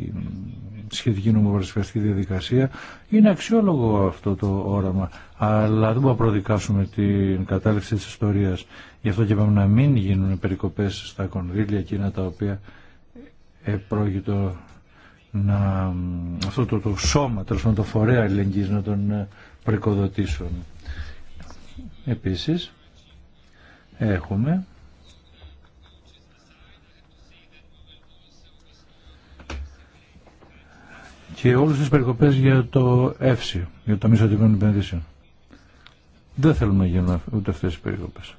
σχετική νομοπαρασκευαστική διαδικασία. Είναι αξιόλογο αυτό το όραμα, αλλά δεν μπορούμε να προδικάσουμε την κατάληξη της ιστορίας. Γι' αυτό και πάμε να μην γίνουν περικοπές στα κονδύλια εκείνα τα οποία πρόκειτο να, αυτό το, το σώμα, τέλος το φορέα ελεγγύης να τον ε, πρικοδοτήσουν. Επίσης, έχουμε και όλες τις περικοπές για το ΕΦΣΙ, για το Μισοτικών Επενδύσεων. Δεν θέλουμε να γίνουν ούτε αυτές τις περικοπές.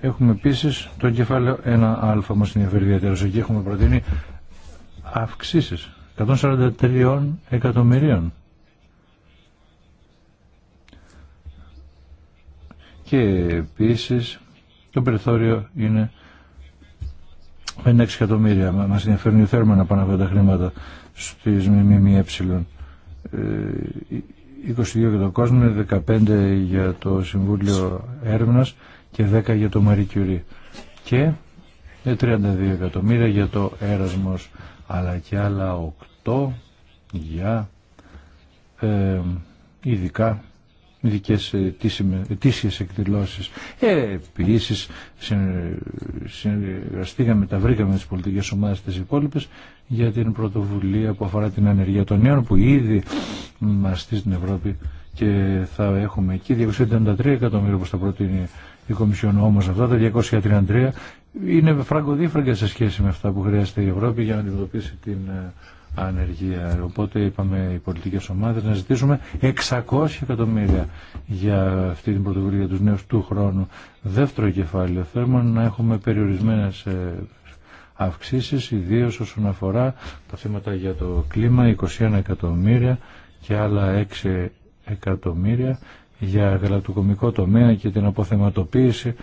Έχουμε επίση το κεφάλαιο 1α μας ενδιαφέρει ιδιαίτερα. Εκεί έχουμε προτείνει αυξήσει 143 εκατομμυρίων. Και επίση το περιθώριο είναι 5-6 εκατομμύρια. Μας ενδιαφέρουν οι θέρμα να από τα χρήματα στις ΜΜΕ. 22 ε, για το κόσμο, 15 για το Συμβούλιο Έρευνας και 10 για το Marie Curie και 32 ε, εκατομμύρια για το έρασμος αλλά και άλλα 8 για ε, ειδικά ειδικέ ετήσιες εκδηλώσει. Ε, ε, ε Επίση, συνεργαστήκαμε, τα βρήκαμε τι πολιτικές ομάδες τις υπόλοιπε για την πρωτοβουλία που αφορά την ανεργία των νέων που ήδη μαστεί στην Ευρώπη και θα έχουμε εκεί 253 εκατομμύρια όπω θα προτείνει η Κομισιόν. Όμως αυτά τα 233 είναι φραγκοδίφραγκα σε σχέση με αυτά που χρειάζεται η Ευρώπη για να αντιμετωπίσει την ε, ανεργία. Οπότε είπαμε οι πολιτικές ομάδες να ζητήσουμε 600 εκατομμύρια για αυτή την πρωτοβουλία του νέου του χρόνου. Δεύτερο κεφάλαιο θέλουμε να έχουμε περιορισμένες ε, αυξήσεις, ιδίως όσον αφορά τα θέματα για το κλίμα, 21 εκατομμύρια και άλλα 6 εκατομμύρια για γαλακτοκομικό τομέα και την αποθεματοποίηση,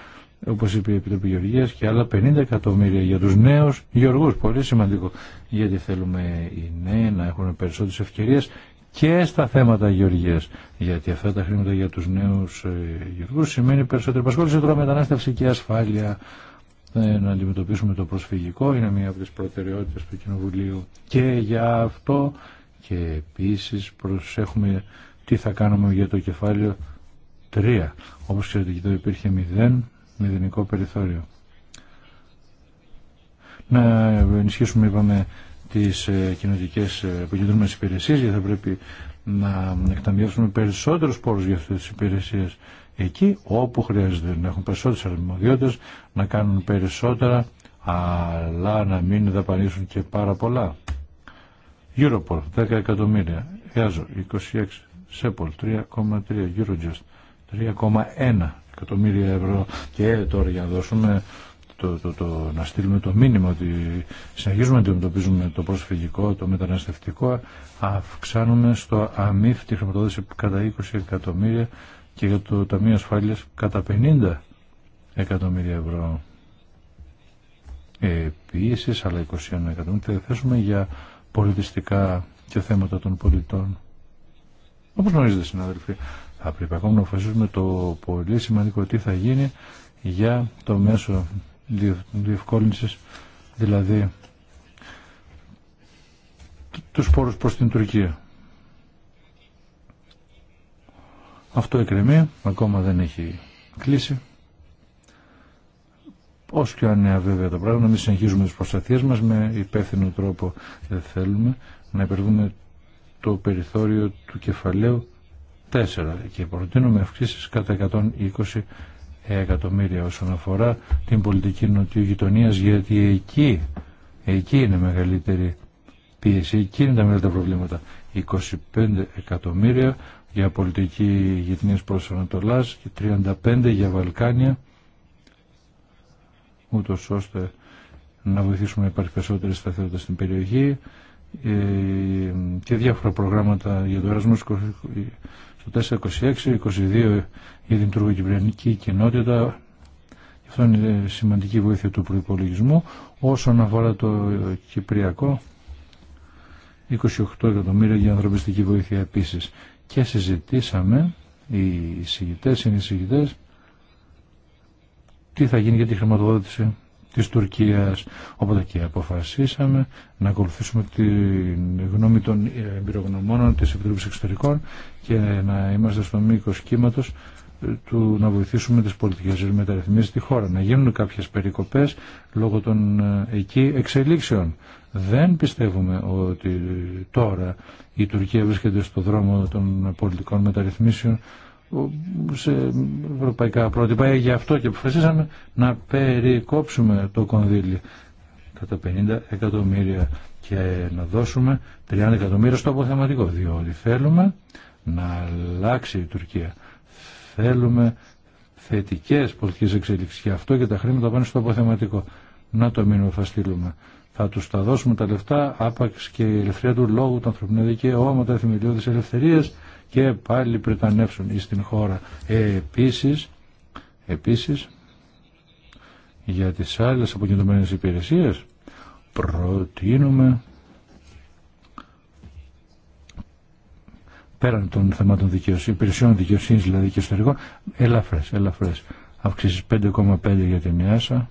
όπως είπε η Επιτροπή Γεωργίας, και άλλα 50 εκατομμύρια για τους νέους γεωργούς. Πολύ σημαντικό, γιατί θέλουμε οι νέοι να έχουν περισσότερες ευκαιρίες και στα θέματα γεωργίας. Γιατί αυτά τα χρήματα για τους νέους ε, γεωργούς σημαίνει περισσότερη επασχόληση Τώρα μετανάστευση και ασφάλεια ε, να αντιμετωπίσουμε το προσφυγικό είναι μία από τις προτεραιότητες του Κοινοβουλίου και για αυτό και επίσης προσέχουμε τι θα κάνουμε για το κεφάλαιο 3. Όπως ξέρετε και εδώ υπήρχε 0, μηδενικό περιθώριο. Να ενισχύσουμε, είπαμε, τις ε, κοινωτικές αποκεντρούμενες ε, υπηρεσίες γιατί θα πρέπει να εκταμιεύσουμε περισσότερους πόρους για αυτές τις υπηρεσίες εκεί όπου χρειάζεται να έχουν περισσότερες αρμοδιότητες, να κάνουν περισσότερα αλλά να μην δαπανίσουν και πάρα πολλά. Europol 10 εκατομμύρια, Εάζο 26 ΣΕΠΟΛ 3,3, Eurojust 3,1 εκατομμύρια ευρώ και τώρα για να δώσουμε το, το, να στείλουμε το μήνυμα ότι συνεχίζουμε να αντιμετωπίζουμε το προσφυγικό, το μεταναστευτικό, αυξάνουμε στο ΑΜΙΦ τη χρηματοδότηση κατά 20 εκατομμύρια και για το Ταμείο Ασφάλειας κατά 50 εκατομμύρια ευρώ. Επίσης, αλλά 21 εκατομμύρια θα θέσουμε για πολιτιστικά και θέματα των πολιτών. Όπω γνωρίζετε συναδελφοί, θα πρέπει ακόμα να αποφασίσουμε το πολύ σημαντικό τι θα γίνει για το μέσο διευκόλυνση, δηλαδή του πόρου προ την Τουρκία. Αυτό εκκρεμεί, ακόμα δεν έχει κλείσει. Όσο και αν είναι αβέβαια πράγμα, να μην συνεχίζουμε τι προσπαθίε μα με υπεύθυνο τρόπο. Δεν θέλουμε να υπερβούμε το περιθώριο του κεφαλαίου 4 και προτείνουμε αυξήσει κατά 120 εκατομμύρια όσον αφορά την πολιτική νοτιογειτονία γιατί εκεί, εκεί είναι μεγαλύτερη πίεση, εκεί είναι τα μεγαλύτερα προβλήματα. 25 εκατομμύρια για πολιτική γειτονία προ Ανατολά και 35 για Βαλκάνια ούτως ώστε να βοηθήσουμε να υπάρχει περισσότερη σταθερότητα στην περιοχή ε, και διάφορα προγράμματα για το Erasmus στο 426, 22 για την τουρκοκυπριανική κοινότητα. Αυτό είναι σημαντική βοήθεια του προπολογισμού, Όσον αφορά το κυπριακό, 28 εκατομμύρια για ανθρωπιστική βοήθεια επίσης. Και συζητήσαμε, οι συγητές, είναι οι τι θα γίνει για τη χρηματοδότηση της Τουρκίας. Οπότε και αποφασίσαμε να ακολουθήσουμε τη γνώμη των εμπειρογνωμόνων της Επιτροπής Εξωτερικών και να είμαστε στο μήκο κύματο ε, του να βοηθήσουμε τις πολιτικές μεταρρυθμίσεις στη χώρα. Να γίνουν κάποιες περικοπές λόγω των ε, εκεί εξελίξεων. Δεν πιστεύουμε ότι τώρα η Τουρκία βρίσκεται στο δρόμο των πολιτικών μεταρρυθμίσεων σε ευρωπαϊκά πρότυπα. Ε, γι' αυτό και αποφασίσαμε να περικόψουμε το κονδύλι κατά 50 εκατομμύρια και να δώσουμε 30 εκατομμύρια στο αποθεματικό διότι θέλουμε να αλλάξει η Τουρκία. Θέλουμε θετικές πολιτικές εξέλιξεις Γι' αυτό και τα χρήματα πάνε στο αποθεματικό. Να το μείνουμε, θα στείλουμε. Θα του τα δώσουμε τα λεφτά, άπαξ και η ελευθερία του λόγου, ανθρωπινό δικαίωμα, δικαιώματα, θεμελιώδης ελευθερία και πάλι πρετανεύσουν στην χώρα. Ε, επίσης, επίσης, για τις άλλες αποκεντρωμένες υπηρεσίες προτείνουμε πέραν των θεμάτων δικαιοσύνης, υπηρεσιών δικαιοσύνης δηλαδή και ιστορικών, ελαφρές, ελαφρές. Αυξήσεις 5,5 για την ΕΑΣΑ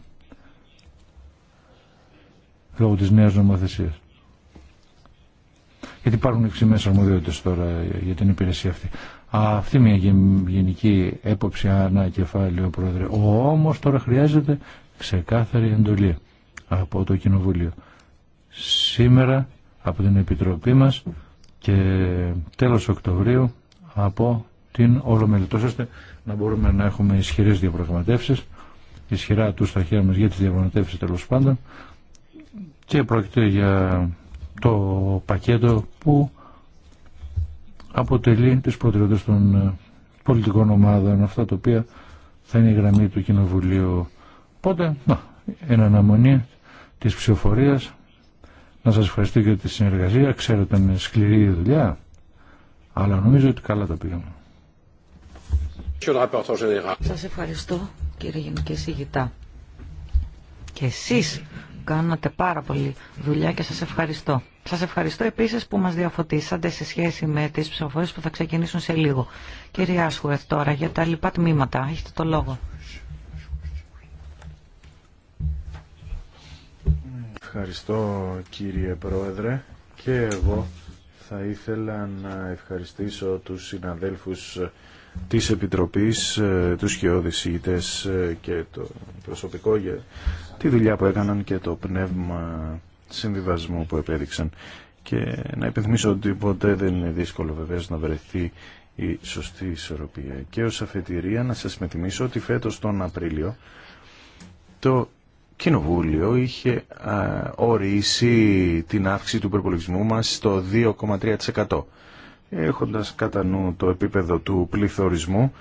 λόγω της νέας νομοθεσίας γιατί υπάρχουν εξημένε αρμοδιότητε τώρα για την υπηρεσία αυτή. Αυτή μια γενική έποψη ανά κεφάλαιο, Πρόεδρε. Όμω τώρα χρειάζεται ξεκάθαρη εντολή από το Κοινοβούλιο. Σήμερα από την Επιτροπή μας και τέλος Οκτωβρίου από την Ολομελητός, ώστε να μπορούμε να έχουμε ισχυρές διαπραγματεύσεις, ισχυρά του στα χέρια μας για τις διαπραγματεύσεις τέλος πάντων και πρόκειται για το πακέτο που αποτελεί τις προτεραιότητες των ε, πολιτικών ομάδων, αυτά τα οποία θα είναι η γραμμή του Κοινοβουλίου. Οπότε, να, εν αναμονή της ψηφοφορίας, να σας ευχαριστώ για τη συνεργασία. Ξέρω ότι είναι σκληρή η δουλειά, αλλά νομίζω ότι καλά τα πήγαμε. Σας ευχαριστώ κύριε Γενική Συγητά. Και εσείς Κάνατε πάρα πολύ δουλειά και σας ευχαριστώ. Σας ευχαριστώ επίσης που μας διαφωτίσατε σε σχέση με τις ψηφοφορίες που θα ξεκινήσουν σε λίγο. Κύριε Άσχουεθ τώρα για τα λοιπά τμήματα. Έχετε το λόγο. Ευχαριστώ κύριε Πρόεδρε και εγώ θα ήθελα να ευχαριστήσω τους συναδέλφους της Επιτροπής, ε, τους σχεώδης ηγητές ε, και το προσωπικό για τη δουλειά που έκαναν και το πνεύμα συμβιβασμού που επέδειξαν. Και να υπενθυμίσω ότι ποτέ δεν είναι δύσκολο βεβαίω να βρεθεί η σωστή ισορροπία. Και ως αφετηρία να σας μεθυμίσω ότι φέτος τον Απρίλιο το Κοινοβούλιο είχε α, ορίσει την αύξηση του προπολογισμού μας στο 2,3% έχοντας κατά νου το επίπεδο του πληθωρισμού,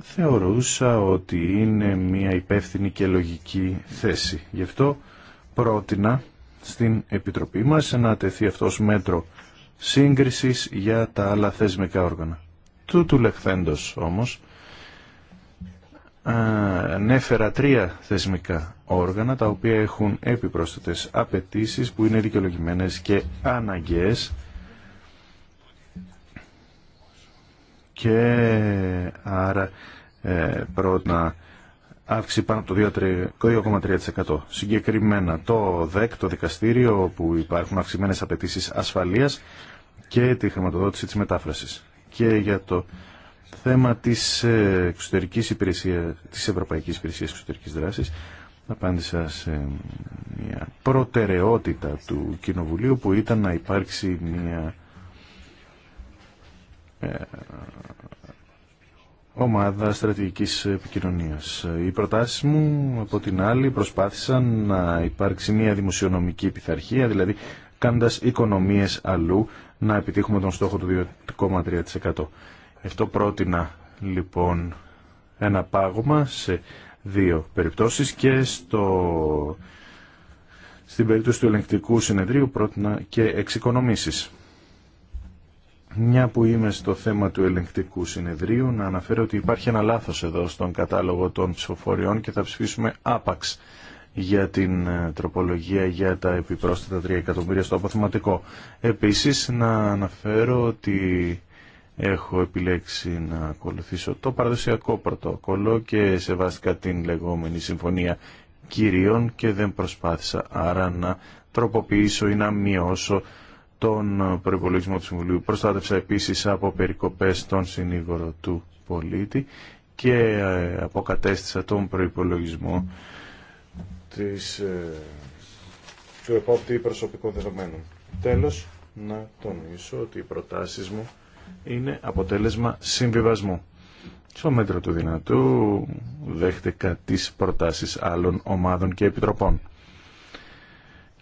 θεωρούσα ότι είναι μια υπεύθυνη και λογική θέση. Γι' αυτό πρότεινα στην Επιτροπή μας να τεθεί αυτός μέτρο σύγκρισης για τα άλλα θεσμικά όργανα. Του του λεχθέντος όμως ανέφερα τρία θεσμικά όργανα τα οποία έχουν επιπρόσθετες απαιτήσει που είναι δικαιολογημένε και αναγκαίες και άρα ε, πρότεινα αύξηση πάνω από το 2,3%. Συγκεκριμένα το ΔΕΚ, το δικαστήριο που υπάρχουν αυξημένε απαιτήσει ασφαλείας και τη χρηματοδότηση της μετάφρασης. Και για το θέμα της, ε, εξωτερικής υπηρεσίας, της Ευρωπαϊκής Υπηρεσίας Εξωτερικής Δράσης απάντησα σε μια προτεραιότητα του Κοινοβουλίου που ήταν να υπάρξει μια ε, ομάδα στρατηγικής επικοινωνίας. Οι προτάσεις μου από την άλλη προσπάθησαν να υπάρξει μια δημοσιονομική πειθαρχία, δηλαδή κάνοντας οικονομίες αλλού να επιτύχουμε τον στόχο του 2,3%. Αυτό πρότεινα λοιπόν ένα πάγωμα σε δύο περιπτώσεις και στο... στην περίπτωση του ελεγκτικού συνεδρίου πρότεινα και εξοικονομήσεις. Μια που είμαι στο θέμα του ελεγκτικού συνεδρίου, να αναφέρω ότι υπάρχει ένα λάθος εδώ στον κατάλογο των ψηφοφοριών και θα ψηφίσουμε άπαξ για την ε, τροπολογία για τα επιπρόσθετα 3 εκατομμύρια στο αποθεματικό. Επίσης, να αναφέρω ότι έχω επιλέξει να ακολουθήσω το παραδοσιακό πρωτόκολλο και σεβάστηκα την λεγόμενη συμφωνία κυρίων και δεν προσπάθησα άρα να τροποποιήσω ή να μειώσω τον προπολογισμό του Συμβουλίου. Προστάτευσα επίσης από περικοπές τον συνήγορο του πολίτη και ε, αποκατέστησα τον προϋπολογισμό της, ε, του επόπτη προσωπικών δεδομένων. Τέλος, να τονίσω ότι οι προτάσεις μου είναι αποτέλεσμα συμβιβασμού. Στο μέτρο του δυνατού δέχτηκα τις προτάσεις άλλων ομάδων και επιτροπών.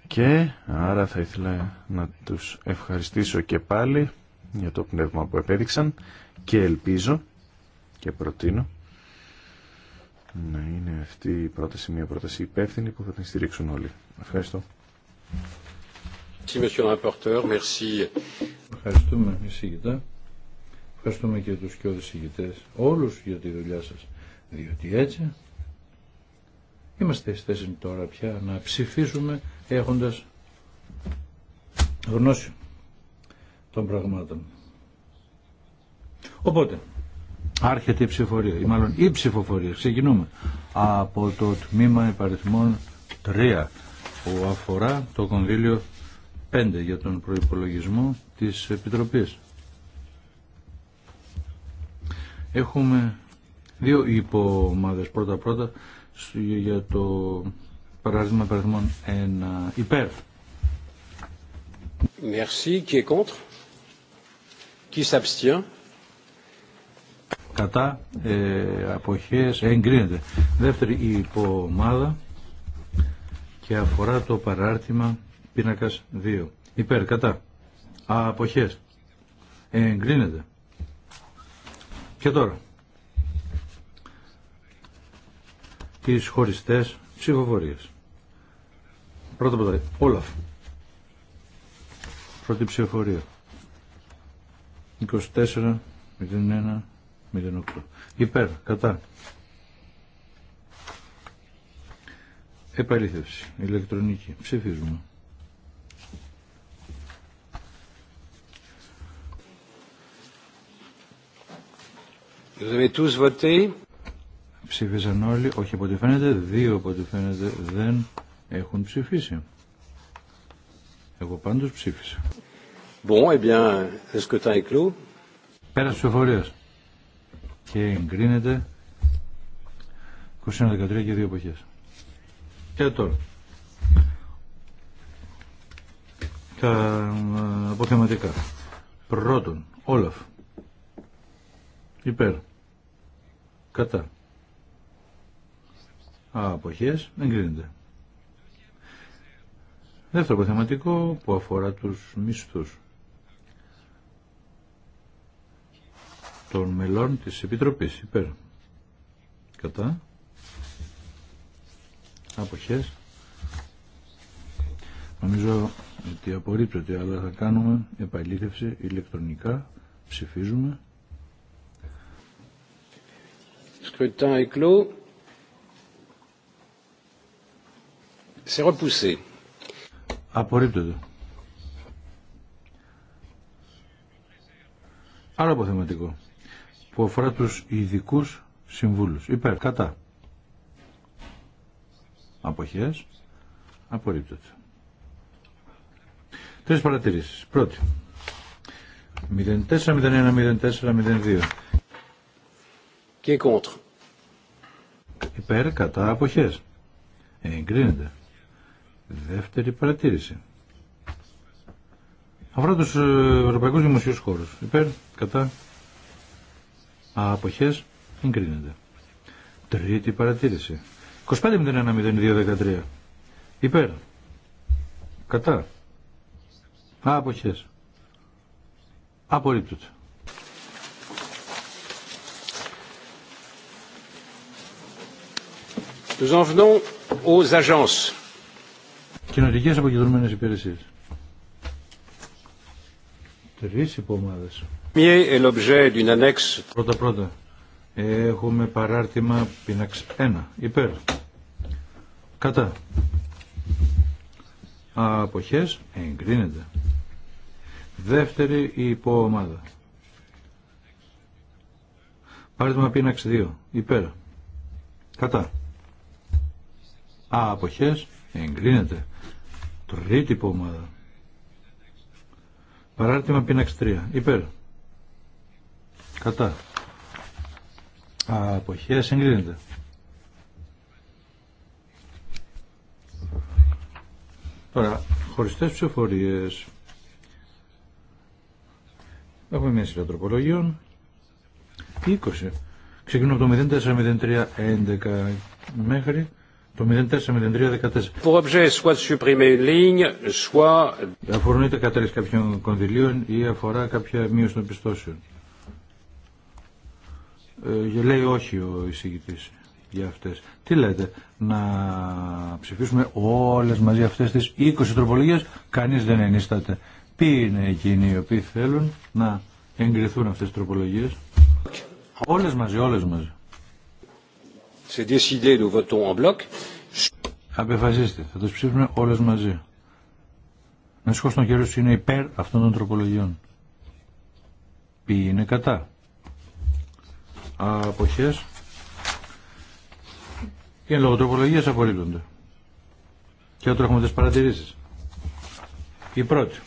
Και άρα θα ήθελα να τους ευχαριστήσω και πάλι για το πνεύμα που επέδειξαν και ελπίζω και προτείνω να είναι αυτή η πρόταση μια πρόταση υπεύθυνη που θα την στηρίξουν όλοι. Ευχαριστώ. Ευχαριστούμε εισηγητά. Ευχαριστούμε και τους και εισηγητές, όλους για τη δουλειά σας. Διότι έτσι είμαστε στη τώρα πια να ψηφίσουμε έχοντας γνώση των πραγμάτων. Οπότε, άρχεται η ψηφοφορία, ή μάλλον η ψηφοφορία. Ξεκινούμε από το τμήμα υπαριθμών 3 που αφορά το κονδύλιο 5 για τον προϋπολογισμό της Επιτροπής. Έχουμε δύο υποομάδες πρώτα-πρώτα για το Παράδειγμα παραδείγμα ένα υπέρ. Merci. Qui est contre? Qui s'abstient? Κατά ε, αποχές εγκρίνεται. Δεύτερη η και αφορά το παράρτημα πίνακας 2. Υπέρ, κατά. Α, αποχές. εγκρίνεται. Και τώρα. Τις χωριστές ψηφοφορίε. Πρώτα απ' όλα, Όλαφ. Πρώτη ψηφοφορία. 24, 01, 08. Υπέρ, κατά. Επαλήθευση, ηλεκτρονική. Ψηφίζουμε. Vous avez tous voté. Ψήφισαν όλοι, όχι από ό,τι φαίνεται, δύο από ό,τι φαίνεται δεν έχουν ψηφίσει. Εγώ πάντως ψήφισα. Bon, eh bien, Πέρα Και εγκρίνεται 21-13 και δύο εποχές. Και τώρα. Τα ε, αποθεματικά. Πρώτον, Όλαφ. Υπέρ. Κατά αποχές, εγκρίνεται. Δεύτερο θεματικό που αφορά τους μισθούς των μελών της Επιτροπής. Υπέρ. Κατά. Αποχές. Νομίζω ότι απορρίπτωται, αλλά θα κάνουμε επαλήθευση ηλεκτρονικά. Ψηφίζουμε. Σκριτά εκλού. C'est repoussé. Απορρίπτεται. Άλλο αποθεματικό που αφορά τους ειδικού συμβούλους. Υπέρ, κατά. Αποχές. Απορρίπτεται. Τρεις παρατηρήσεις. Πρώτη. 04-01-04-02. Και κόντρ. Υπέρ, κατά, αποχές. Εγκρίνεται. Δεύτερη παρατήρηση. Αφορά του ε, Ευρωπαϊκού Δημοσίου χώρου. Υπέρ, κατά, αποχές, εγκρίνεται. Τρίτη παρατήρηση. 25.01.02.13. Υπέρ. Κατά. Αποχές. Απορρίπτωται. Nous en venons aux agences κοινοτικέ αποκεντρωμένε υπηρεσίε. Τρει υπομάδε. Πρώτα πρώτα. Έχουμε παράρτημα πίναξ 1. Υπέρ. Κατά. Αποχές εγκρίνεται. Δεύτερη υπομάδα. Παράρτημα πίναξ 2. Υπέρ. Κατά. Αποχές εγκρίνεται. Τρίτη ομάδα. Παράρτημα πίναξη 3. Υπέρ. Κατά. Αποχέα συγκρίνεται. Τώρα, χωριστέ ψηφοφορίε. Έχουμε μια σειρά τροπολογιών. 20. Ξεκινούμε από το 11 μέχρι το 040314. Pour objet, soit de Αφορούν είτε κάποιων κονδυλίων ή αφορά κάποια μείωση των πιστώσεων. Ε, λέει όχι ο εισηγητή για αυτέ. Τι λέτε, να ψηφίσουμε όλε μαζί αυτέ τι 20 τροπολογίε. Κανεί δεν ενίσταται. Ποιοι είναι εκείνοι οι οποίοι θέλουν να εγκριθούν αυτέ τι τροπολογίε. Όλε μαζί, όλε μαζί. Απεφασίστε, θα τους ψήφουμε όλες μαζί. Να σηκώσω τον κύριο είναι υπέρ αυτών των τροπολογιών. Ποιοι είναι κατά. Αποχές. Και εν λογοτροπολογίες απορρίπτονται. Και τώρα έχουμε τις παρατηρήσεις. Η πρώτη.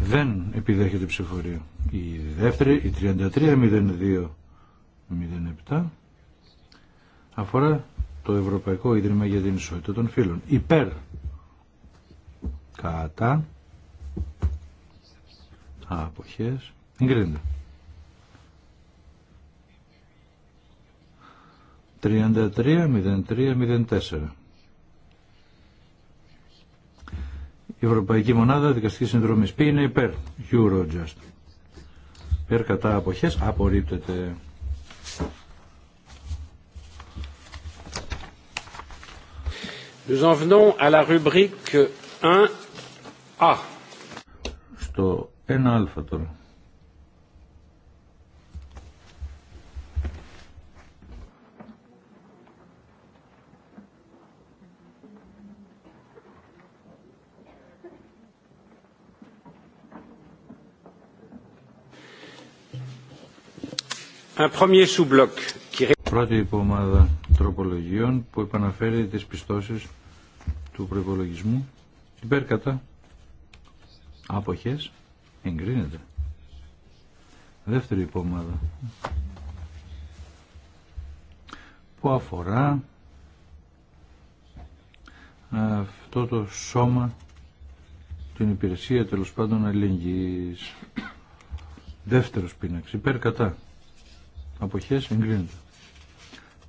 Δεν επιδέχεται ψηφορία. Η δεύτερη, η 3302 07 αφορά το Ευρωπαϊκό Ίδρυμα για την Ισότητα των Φύλων. Υπέρ. Κατά. Αποχές. Εγκρίνεται. 33-03-04 Η Ευρωπαϊκή Μονάδα Δικαστικής Συνδρομής Ποιοι είναι υπέρ Eurojust Υπέρ κατά αποχές απορρίπτεται Nous en venons à la rubrique 1A. Στο 1α τώρα. Πρώτη υπομάδα τροπολογιών που επαναφέρει τις πιστώσεις του προϋπολογισμού υπέρ κατά αποχές εγκρίνεται. Δεύτερη υπομάδα που αφορά αυτό το σώμα την υπηρεσία τέλο πάντων αλληλεγγύης δεύτερος πίναξ υπέρ κατά αποχές εγκρίνεται.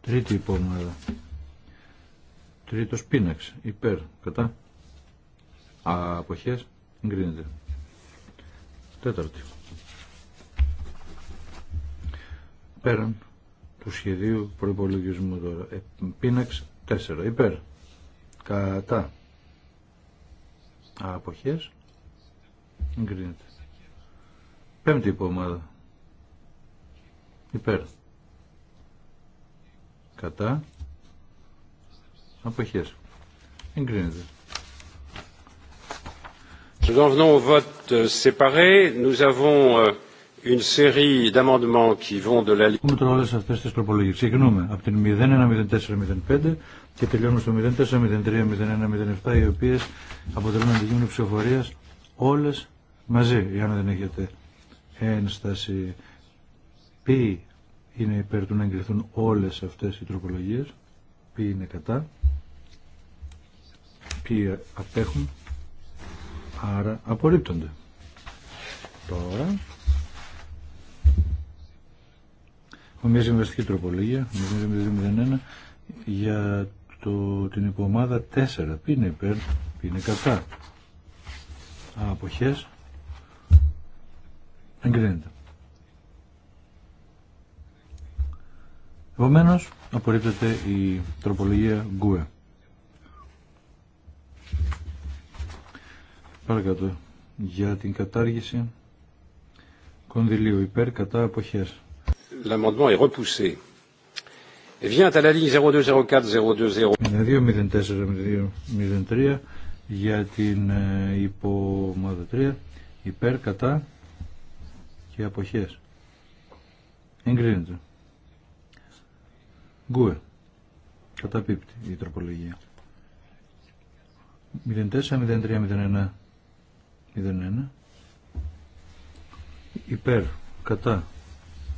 Τρίτη υπόμονα. Τρίτος πίναξ. Υπέρ. Κατά. αποχές εγκρίνεται. Τέταρτη. Πέραν του σχεδίου προϋπολογισμού τώρα. Ε, πίναξ Τέσσερα. Υπέρ. Κατά. αποχές εγκρίνεται. Πέμπτη υπομάδα υπέρ κατά αποχές εγκρίνεται Nous en venons au vote euh, séparé. Nous avons euh, une série d'amendements qui vont de la Έχουμε τώρα όλες αυτές τις τροπολογίες. Ξεκινούμε από την 010405 και τελειώνουμε στο 0403 0107 οι οποίες αποτελούν αντικείμενο ψηφοφορίας όλες μαζί, για να δεν έχετε ένσταση. Ποιοι είναι υπέρ του να εγκριθούν όλες αυτές οι τροπολογίες. Ποιοι είναι κατά. Ποιοι απέχουν. Άρα απορρίπτονται. Τώρα. Μια συμβαστική τροπολογία. για το, την υποομάδα 4. Ποιοι είναι υπέρ. Ποιοι είναι κατά. Αποχές. Εγκρίνεται. Επομένως, απορρίπτεται η τροπολογία Γκουε. Παρακάτω. Για την κατάργηση κονδυλίου υπέρ κατά αποχές. L'amendement est repoussé. Et vient à la ligne 0204 020 για την ε, υπομάδα 3 υπέρ κατά και αποχές. Εγκρίνεται. Γκουε. Καταπίπτει η τροπολογία. 04-03-01. 01. Υπέρ. Κατά.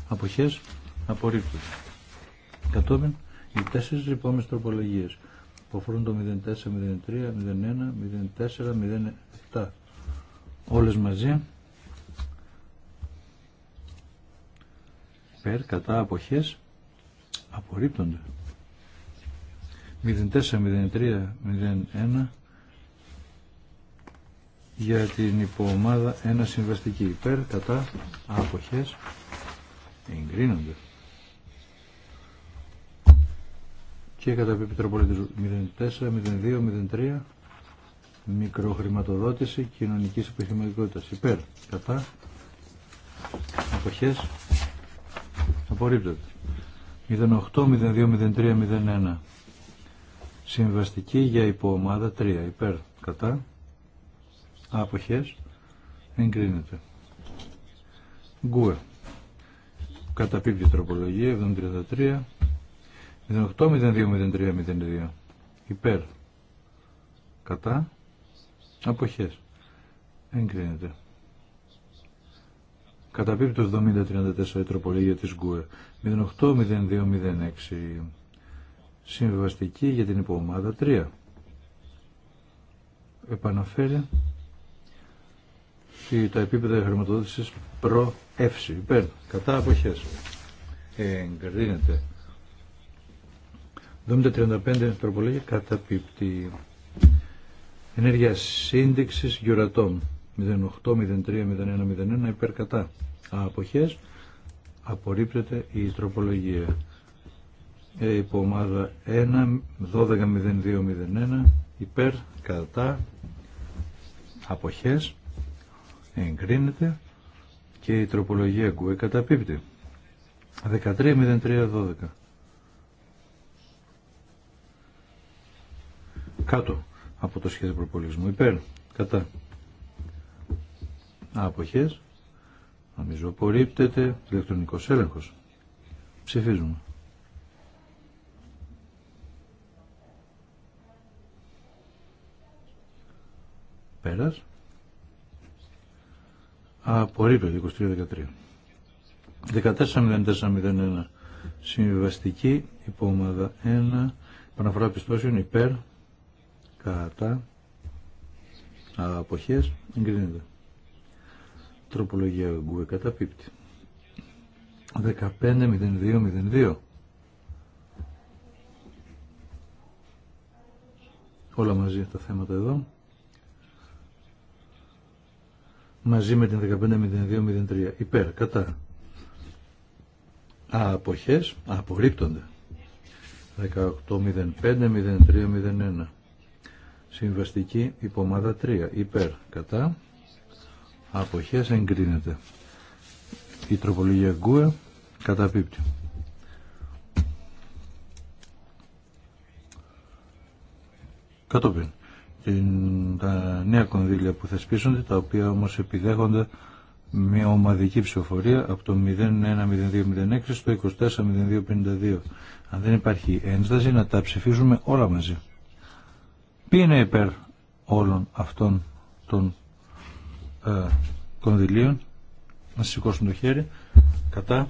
Αποχές. Απορρίπτω. Κατόπιν οι τέσσερις επόμενες τροπολογίες που αφορούν το 04, 03, 01, 04, 07. Όλες μαζί. Υπέρ. Κατά. Αποχές απορρίπτονται. 04, 03, 01 για την υποομάδα 1 συμβαστική υπέρ, κατά, αποχές, εγκρίνονται. Και κατά πολιτισμού 04, 02, 03 μικροχρηματοδότηση κοινωνικής επιχειρηματικότητας υπέρ, κατά, αποχές, απορρίπτονται. 08-02-03-01. Συμβαστική για υποομάδα 3. Υπέρ. Κατά. Αποχές. Εγκρίνεται. Γκουε. Καταπίπτει τροπολογία 733. 08-02-03-02. Υπέρ. Κατά. Αποχές. Εγκρίνεται. Καταπίπτει το 7034 η τροπολογία της ΓΚΟΕ. 080206 συμβιβαστική για την υποομάδα 3. Επαναφέρει τα επίπεδα χρηματοδότησης προ εύση, υπέρ, κατά αποχές. Εγκρίνεται. 7035 τροπολογία καταπίπτει. Ενέργεια σύνδεξης γιουρατών. 08, 03, 01, 01 υπέρ Αποχές απορρίπτεται η τροπολογία. Ε, υπό ομάδα 1, 12-02-01, υπέρ κατά αποχές εγκρίνεται και η τροπολογία γκουε καταπίπτει. 12. κάτω από το σχέδιο προπολισμού υπέρ κατά Αποχές. Νομίζω απορρίπτεται. Ηλεκτρονικός έλεγχος. Ψηφίζουμε. Πέρας. Απορρίπτεται 23-13. 14-04-01. Συμβιβαστική υπόμαδα 1. Παναφορά πιστώσεων υπέρ. Κατά. Αποχές. Εγκρίνεται. Τροπολογία Γκουε καταπίπτει. 15.02.02 Όλα μαζί τα θέματα εδώ. Μαζί με την 15.02.03 υπέρ, κατά. Αποχές απορρίπτονται. 18.05.03.01 Συμβαστική υπομάδα 3 υπέρ, κατά αποχές εγκρίνεται. Η τροπολογία γκουε καταπίπτει. Κατόπιν, τα νέα κονδύλια που θεσπίζονται, τα οποία όμως επιδέχονται μια ομαδική ψηφοφορία από το 010206 στο 240252. Αν δεν υπάρχει ένσταση να τα ψηφίζουμε όλα μαζί. Ποιοι είναι υπέρ όλων αυτών των ε, κονδυλίων να σηκώσουν το χέρι κατά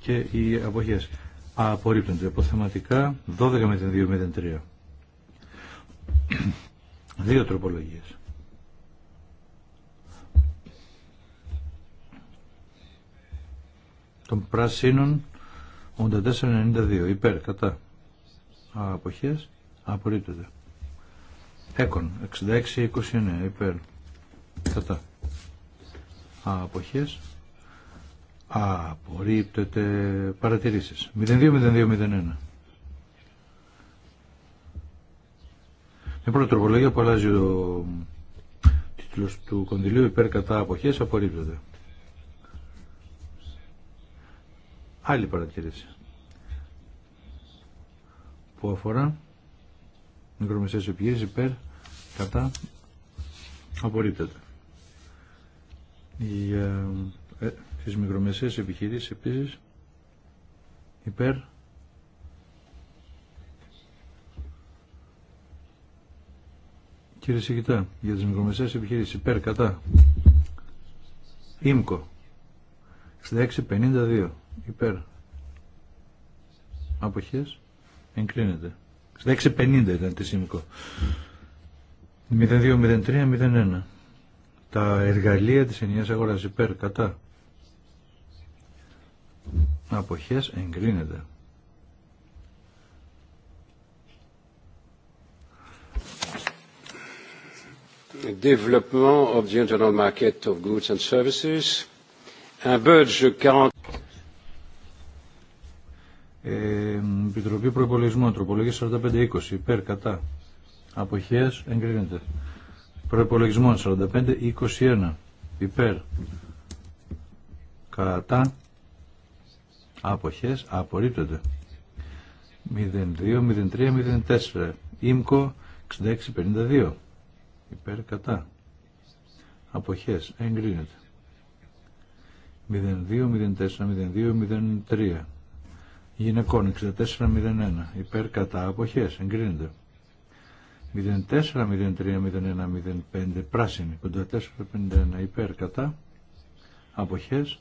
και οι αποχές απορρίπτονται αποθεματικά 12 με 2 με 3 δύο τροπολογίες των πράσινων 84-92 υπέρ κατά αποχές απορρίπτονται έκον 66-29 υπέρ κατά αποχές απορρίπτεται παρατηρήσεις 020201 με πρώτη τροπολογία που αλλάζει ο τίτλος του κονδυλίου υπέρ κατά αποχές απορρίπτεται άλλη παρατηρήση που αφορά μικρομεσαίες επιχείρησεις υπέρ κατά απορρίπτεται για ε, τις μικρομεσαίες επιχειρήσεις επίσης υπέρ Κύριε Σιγητά, για τις μικρομεσαίες επιχειρήσεις υπέρ κατά ΙΜΚΟ 6652 υπέρ αποχές εγκρίνεται 6650 ήταν τη ΙΜΚΟ 0203-01 τα εργαλεία της ενιαίας αγοράς υπέρ, κατά. Αποχές εγκρίνεται. Development of the internal market of goods and services. Un budget 40... Ε, Επιτροπή 4520 τροπολογία 45-20, υπέρ, κατά. Αποχές εγκρίνεται. Προπολογισμό 45-21. Υπέρ. Κατά. Αποχές. Απορρίπτεται. 02-03-04. Ήμκο 66-52. Υπέρ. Κατά. Αποχές. Εγκρίνεται. 02-04-02-03. Γυναικών 64-01. Υπέρ. Κατά. Αποχές. Εγκρίνεται. 04, 03, 01, 05, πράσινη, 54, 51, υπέρ, κατά, αποχές,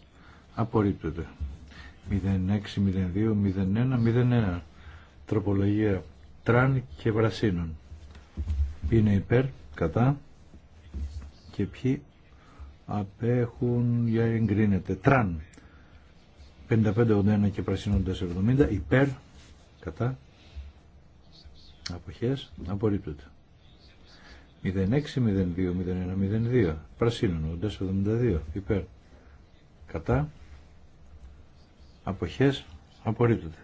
απορρίπτεται. 06, 02, 01, 01, τροπολογία τραν και βρασίνων. Ποιοι είναι υπέρ, κατά και ποιοι απέχουν για εγκρίνεται. Τραν, 55, 81 και πρασίνων 470, υπέρ, κατά, αποχες απορριπτωται απορρίπτεται. 06-02-01-02 Πρασίνων 82 υπέρ κατά αποχές Απορρίπτωται.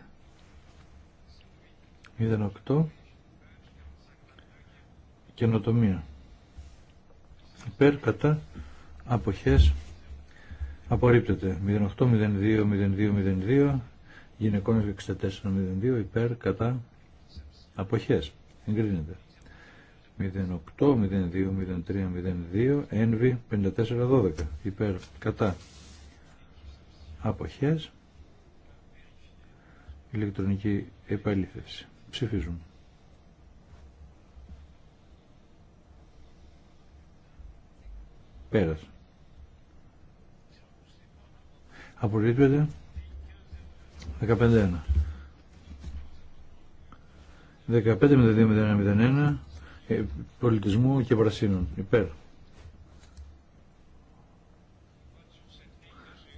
08 καινοτομία υπέρ κατά αποχές απορρίπτεται 08-02-02-02 γυναικών 64-02 υπέρ κατά Αποχές. Εγκρίνεται. 08, 02, 03, 02, έμβει 54-12 Υπέρ. Κατά. Αποχές. Ηλεκτρονική επαλήθευση. Ψηφίζουμε. Πέρασε. Απορρίπτεται. 15-1. 15.02.01 ε, πολιτισμού και βρασίνων. Υπέρ.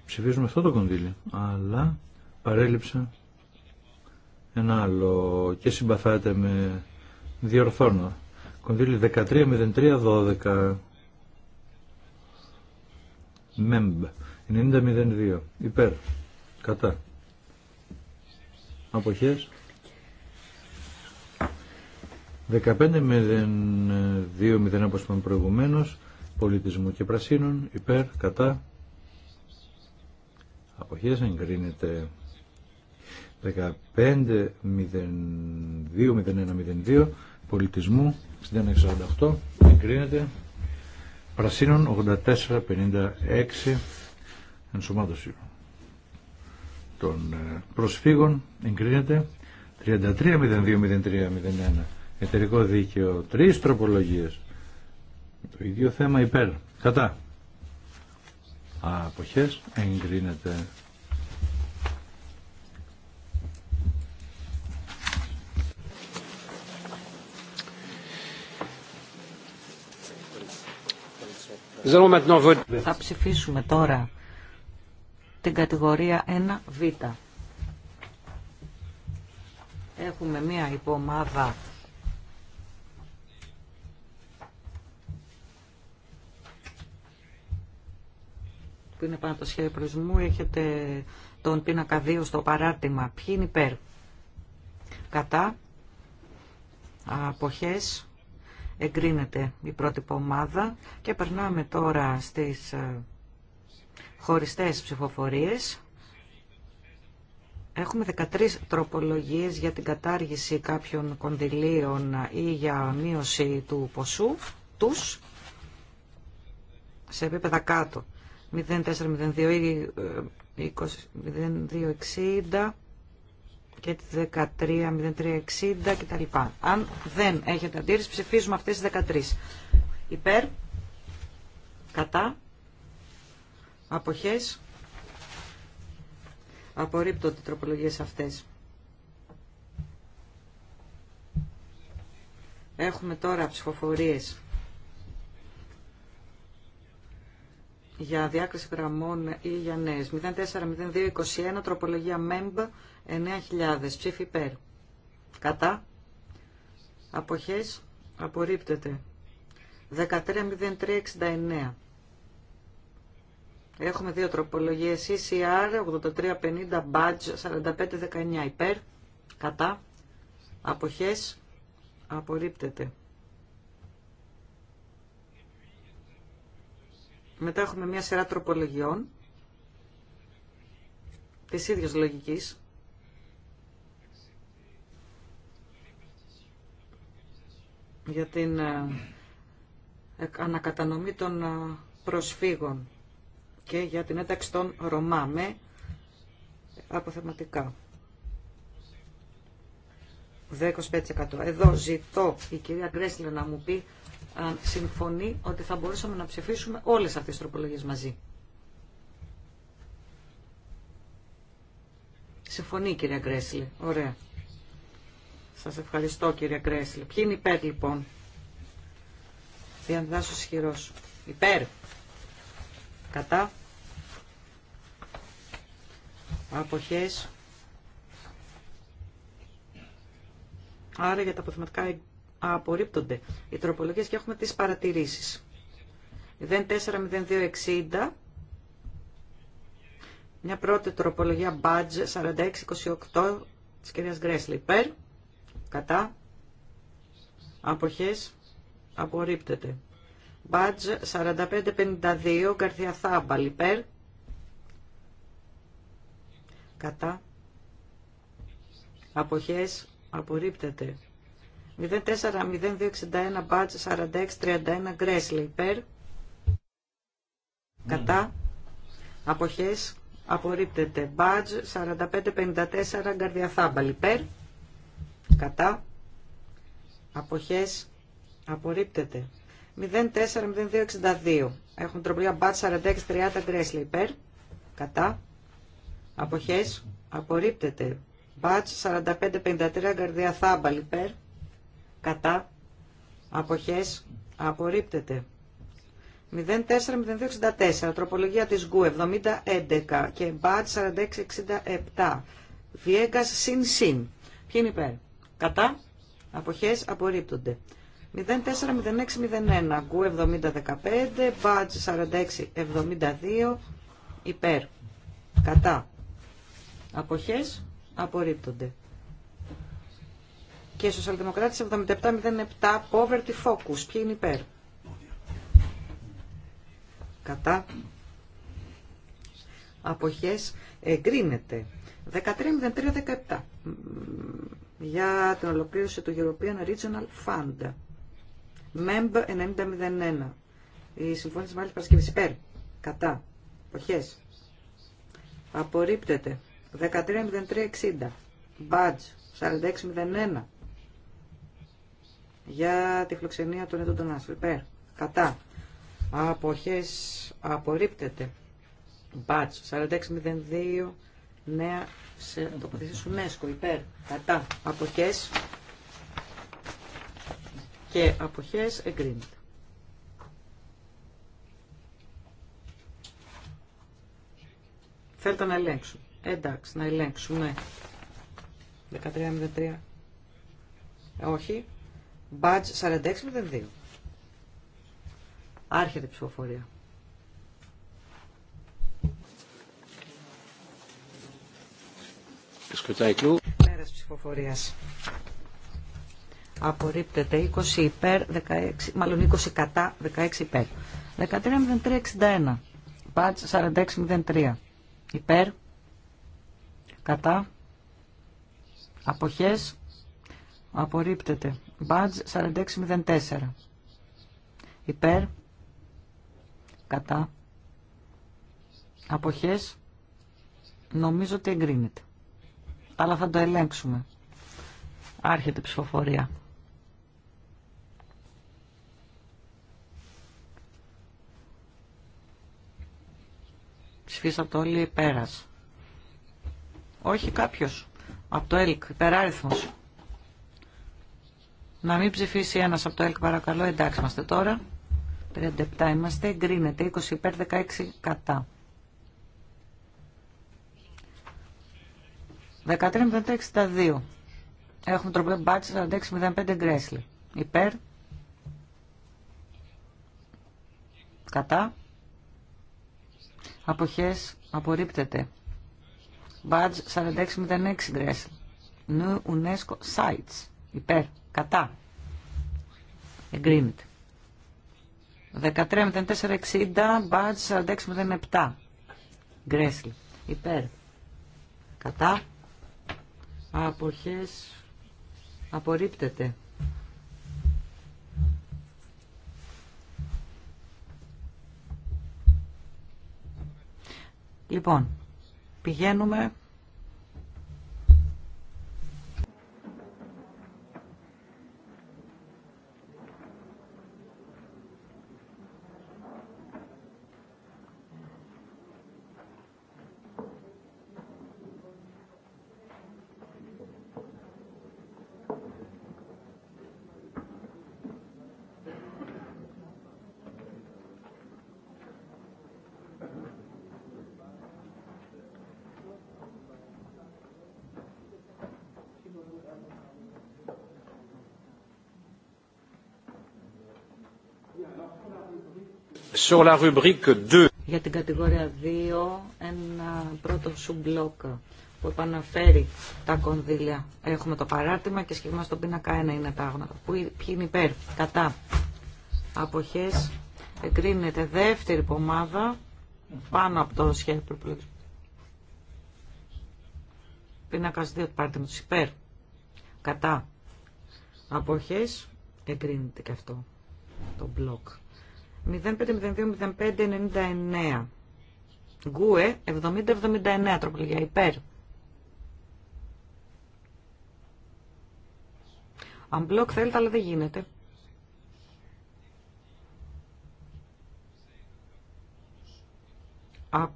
Ψηφίζουμε αυτό το κονδύλι. Αλλά παρέλειψα ένα άλλο και συμπαθάτε με διορθώνω. Κονδύλι 13.03.12 ΜΕΜΠ 90.02 υπέρ κατά αποχές 15.02.01 όπως είπαμε προηγουμένως πολιτισμού και πρασίνων υπέρ, κατά αποχές εγκρίνεται 15.02.01.02 πολιτισμού 61.68 εγκρίνεται πρασίνων 84.56 ενσωμάτωση των ε, προσφύγων εγκρίνεται 33.02.03.01 εταιρικό δίκαιο. Τρεις τροπολογίες. Το ίδιο θέμα υπέρ. Κατά. Αποχές εγκρίνεται. Θα ψηφίσουμε τώρα την κατηγορία 1β. Έχουμε μία υπομάδα που είναι πάνω από το σχέδιο προορισμού, έχετε τον πίνακα 2 στο παράρτημα. Ποιοι είναι υπέρ. Κατά. Αποχές. Εγκρίνεται η πρώτη ομάδα. Και περνάμε τώρα στις ε, χωριστές ψηφοφορίες. Έχουμε 13 τροπολογίες για την κατάργηση κάποιων κονδυλίων ή για μείωση του ποσού τους σε επίπεδα κάτω 0402 ή 60 ε, και τη 130360 κτλ. Αν δεν έχετε αντίρρηση ψηφίζουμε αυτές τις 13. Υπέρ, κατά, αποχές, απορρίπτω οι τροπολογίες αυτές. Έχουμε τώρα ψηφοφορίες για διάκριση γραμμών ή για νέε. 21, τροπολογία MEMB 9000 ψήφι υπέρ. Κατά. Αποχέ. Απορρίπτεται. 130369. Έχουμε δύο τροπολογίες. ECR 8350 badge 4519 υπέρ. Κατά. Αποχές. Απορρίπτεται. Μετά έχουμε μια σειρά τροπολογιών της ίδιας λογικής. για την ε, ανακατανομή των ε, προσφύγων και για την ένταξη των Ρωμά με αποθεματικα 10-25%. Εδώ ζητώ η κυρία Γκρέσλε να μου πει αν συμφωνεί ότι θα μπορούσαμε να ψηφίσουμε όλες αυτές τις τροπολογίες μαζί. Συμφωνεί κυρία Γκρέσλε. Ωραία. Σας ευχαριστώ κυρία Γκρέσλε. Ποιοι είναι υπέρ λοιπόν. Διανδάσος χειρός. Υπέρ. Κατά. Αποχές. Άρα για τα αποθεματικά απορρίπτονται οι τροπολογίες και έχουμε τις παρατηρήσεις. 040260, μια πρώτη τροπολογία μπάτζε 4628 της κυρίας Γκρέσλη. Υπέρ, κατά, αποχές, απορρίπτεται. badge 4552, Καρθία Θάμπαλ. Υπέρ, κατά, αποχές, απορρίπτεται. 04-0261 μπάτζ 4631 υπέρ. Ναι. Κατά. Αποχές. Απορρίπτεται. Μπάτζ 4554 54 γκαρδιαθάμπαλ υπέρ. Κατά. Αποχές. Απορρίπτεται. 04-0262. Έχουν τροπλία μπάτζ 4630 υπέρ. Κατά. Αποχές. Απορρίπτεται. 4553 45-53 γκαρδιαθάμπαλ υπέρ κατά αποχές απορρίπτεται. 040264, τροπολογία της ΓΚΟΥ 7011 και ΜΠΑΤ 4667, Βιέγκας συν συν. Ποιοι είναι υπέρ. Κατά, αποχές απορρίπτονται. 040601, ΓΚΟΥ 7015, ΜΠΑΤ 4672, υπέρ. Κατά, αποχές απορρίπτονται και σοσιαλδημοκράτη 7707 Poverty Focus. Ποιοι είναι υπέρ. Κατά. Αποχές εγκρίνεται. 13.03.17 για την ολοκλήρωση του European Regional Fund. MEMB 9001. Η συμφωνία της Μάλης Παρασκευής υπέρ. Κατά. Αποχές. Απορρίπτεται. 13.03.60. Badge 4601 για τη φιλοξενία των έντονων των Υπέρ. Κατά. Αποχές απορρίπτεται. Μπατ. 4602. Νέα σε τοποθεσία UNESCO. Υπέρ. Κατά. Αποχές. Και αποχές εγκρίνεται. Θέλετε να ελέγξουμε. Εντάξει, να ελέγξουμε. 13.03. Όχι. Μπάτζ 4602. Άρχεται η ψηφοφορία. Πέρας ψηφοφορία. Απορρίπτεται 20 υπέρ, 16, μάλλον 20 κατά, 16 υπέρ. 13.03.61. Μπάτζ 46.03. Υπέρ. Κατά. Αποχές. Απορρίπτεται. Μπάτζ 4604. Υπέρ. Κατά. Αποχές. Νομίζω ότι εγκρίνεται. Αλλά θα το ελέγξουμε. Άρχεται η ψηφοφορία. Ψηφίσατε όλοι πέρας. Όχι κάποιος. Από το ΕΛΚ. Υπεράριθμος. Να μην ψηφίσει ένας από το ΕΛΚ παρακαλώ. Εντάξει είμαστε τώρα. 37 είμαστε. Εγκρίνεται. 20 υπέρ 16 κατά. 13.62. Έχουμε τροπέ 46 46.05 γκρέσλι. Υπέρ. Κατά. Αποχές απορρίπτεται. Μπάτζ 4606 γκρέσλι. Νου UNESCO Sites. Υπέρ. Κατά. Εγκρίνεται. 13.04.60, μπάτζ 46.07. Γκρέσλι. Υπέρ. Κατά. Αποχές. Απορρίπτεται. Λοιπόν, πηγαίνουμε Για την κατηγορία 2, ένα πρώτο σου μπλοκ που επαναφέρει τα κονδύλια. Έχουμε το παράρτημα και σχεδόν στον πίνακα 1 είναι τα άγνωτα. ποιοι είναι υπέρ, κατά. Αποχές εγκρίνεται δεύτερη πομάδα πάνω από το σχέδιο προπολογισμού. Πίνακα 2 του πάρτε του υπέρ. Κατά. Αποχές εγκρίνεται και αυτό το μπλοκ. 0502-0599. Γκουε 7079 τροπολογία υπέρ. μπλοκ θέλετε αλλά δεν γίνεται. Α,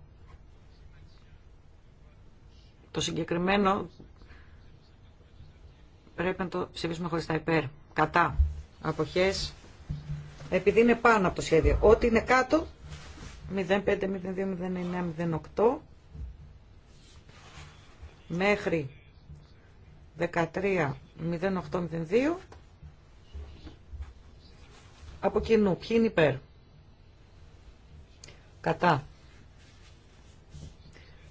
το συγκεκριμένο πρέπει να το ψηφίσουμε χωρίς τα υπέρ. Κατά. Αποχές επειδή είναι πάνω από το σχέδιο. Ό,τι είναι κάτω, 05, 02, 09, 08, μέχρι 13, 08, 02, από κοινού, ποιοι είναι υπέρ. Κατά.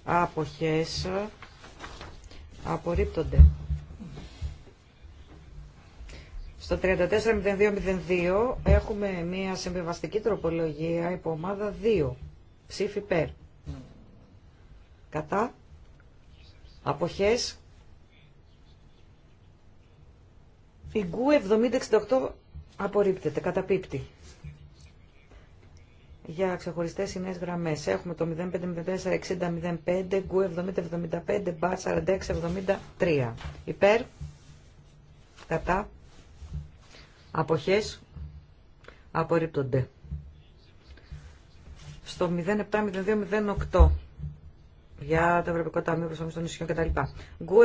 Αποχές απορρίπτονται. Στο 34.02.02 έχουμε μια συμβιβαστική τροπολογία υπό ομάδα 2. Ψήφι περ. Κατά. Αποχές. Η γκου 7068 απορρίπτεται, καταπίπτει. Για ξεχωριστές συνέ γραμμές έχουμε το 0504 60 γκου 7075, μπαρ 4673. Υπέρ. Κατά. Αποχές απορρίπτονται. Στο 070208 για το Ευρωπαϊκό Ταμείο Προσωπικών των Ισχυών κτλ. Γκου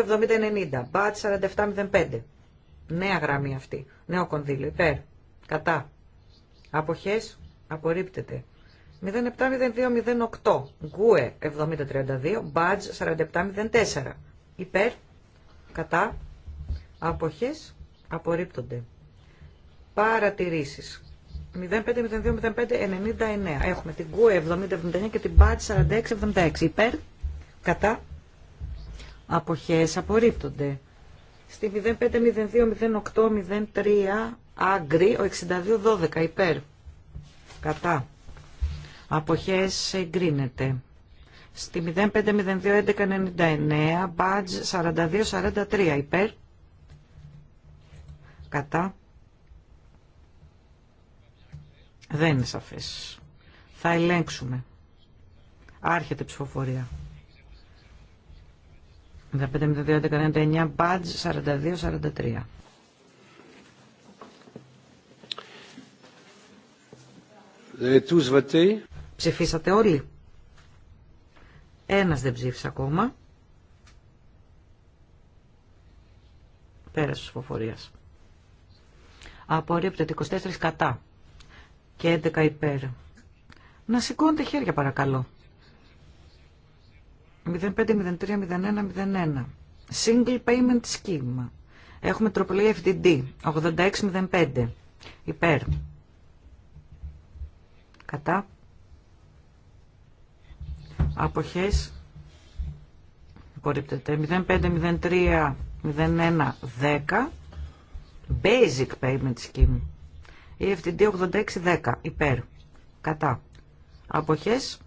7090, Μπατ 4705. Νέα γραμμή αυτή. Νέο κονδύλιο. Υπέρ. Κατά. Αποχές απορρίπτεται. 070208, Γκουε 7032, Μπατζ 4704. Υπέρ. Κατά. Αποχές απορρίπτονται. Παρατηρήσεις. 05-02-05-99. Έχουμε την ΚΟΕ 70-79 και την ΠΑΤ 46-76. Υπέρ, κατά, αποχές απορρίπτονται. Στη 05-02-08-03 άγκρι, ο 62-12 υπέρ, κατά, αποχές εγκρίνεται. Στη 05-02-11-99 μπάτζ 42-43 υπέρ, κατά, δεν είναι σαφές. Θα ελέγξουμε. Άρχεται η ψηφοφορία. badge 19 42-43. Ψηφίσατε όλοι. Ένας δεν ψήφισε ακόμα. Πέρασε ψηφοφορίας. Απορρίπτεται 24 κατά και 11 υπέρ. Να σηκώνετε χέρια παρακαλώ. 05, 03, 01, 01. Single Payment Scheme. Έχουμε τροπολογία FDD 86-05. Υπέρ. Κατά. Αποχές. υπορριπτεται 05, 03, 01, 10. Basic Payment Scheme. FTD 8610 υπέρ. Κατά. Αποχές.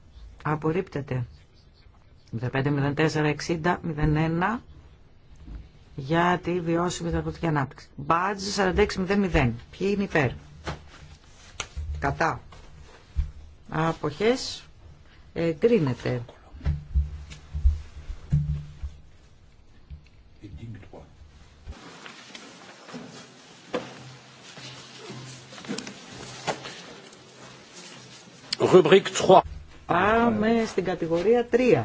Απορρίπτεται. 05046001 για τη βιώσιμη δραστηριοτική ανάπτυξη. Μπάτζ 4600. Ποιοι είναι υπέρ. Κατά. Αποχές. Εγκρίνεται. rubrique 3. Πάμε στην κατηγορία 3.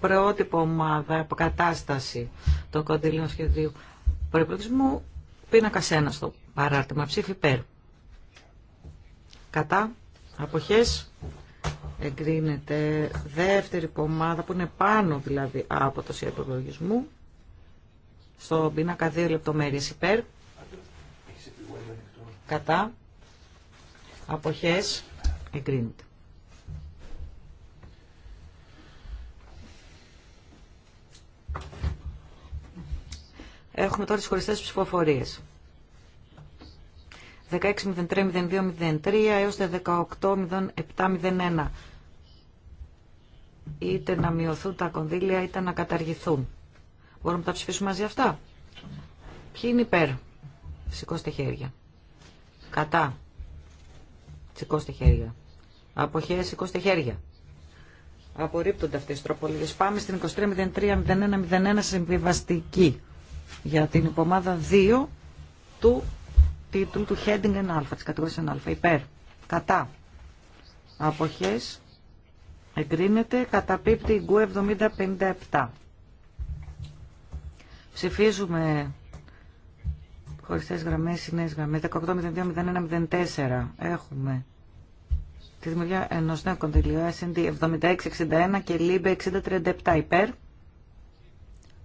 Πρότυπο ομάδα, αποκατάσταση των κοντιλίων σχεδίου. Προπολογισμού πίνακα 1 στο παράρτημα. Ψήφι υπέρ. Κατά. Αποχές. Εγκρίνεται δεύτερη ομάδα που είναι πάνω δηλαδή από το σχέδιο προπολογισμού. Στο πίνακα 2 λεπτομέρειες υπέρ. Κατά. Αποχές Εγκρίνεται. Έχουμε τώρα τις χωριστές ψηφοφορίες. 16.03.02.03 έως 18.07.01. Είτε να μειωθούν τα κονδύλια είτε να καταργηθούν. Μπορούμε να τα ψηφίσουμε μαζί αυτά. Ποιοι είναι υπέρ. Σηκώστε χέρια. Κατά. Σηκώστε χέρια. Αποχές, σηκώστε χέρια. Απορρίπτονται αυτέ οι τροπολογίε. Πάμε στην 23.03.01.01 συμβιβαστική για την υπομάδα 2 του τίτλου του heading 1α, της κατηγοριας Υπέρ. Κατά. Αποχές. Εγκρίνεται. Καταπίπτει η γκου 7057. Ψηφίζουμε χωριστές γραμμές, συνές γραμμές. 18.02.01.04. Έχουμε τη δημιουργία ενός νέου κονδυλίου S&D 7661 και ΛΥΜΠΕ 6037 υπέρ,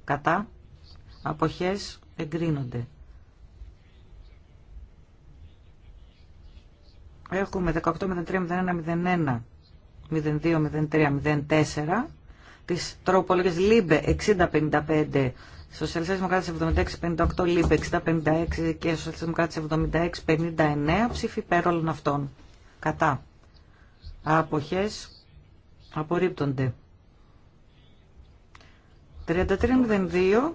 κατά, αποχές εγκρίνονται. Έχουμε 18.03.01.01, 02-03-04, τις τροπολογίες ΛΥΜΠΕ 6055, Σοσιαλιστές Δημοκράτες 76-58, ΛΥΜΠΕ 60-56 και Σοσιαλιστές Δημοκράτες 76-59 ψήφι υπέρ όλων αυτών. Κατά. Αποχές απορρίπτονται. 3302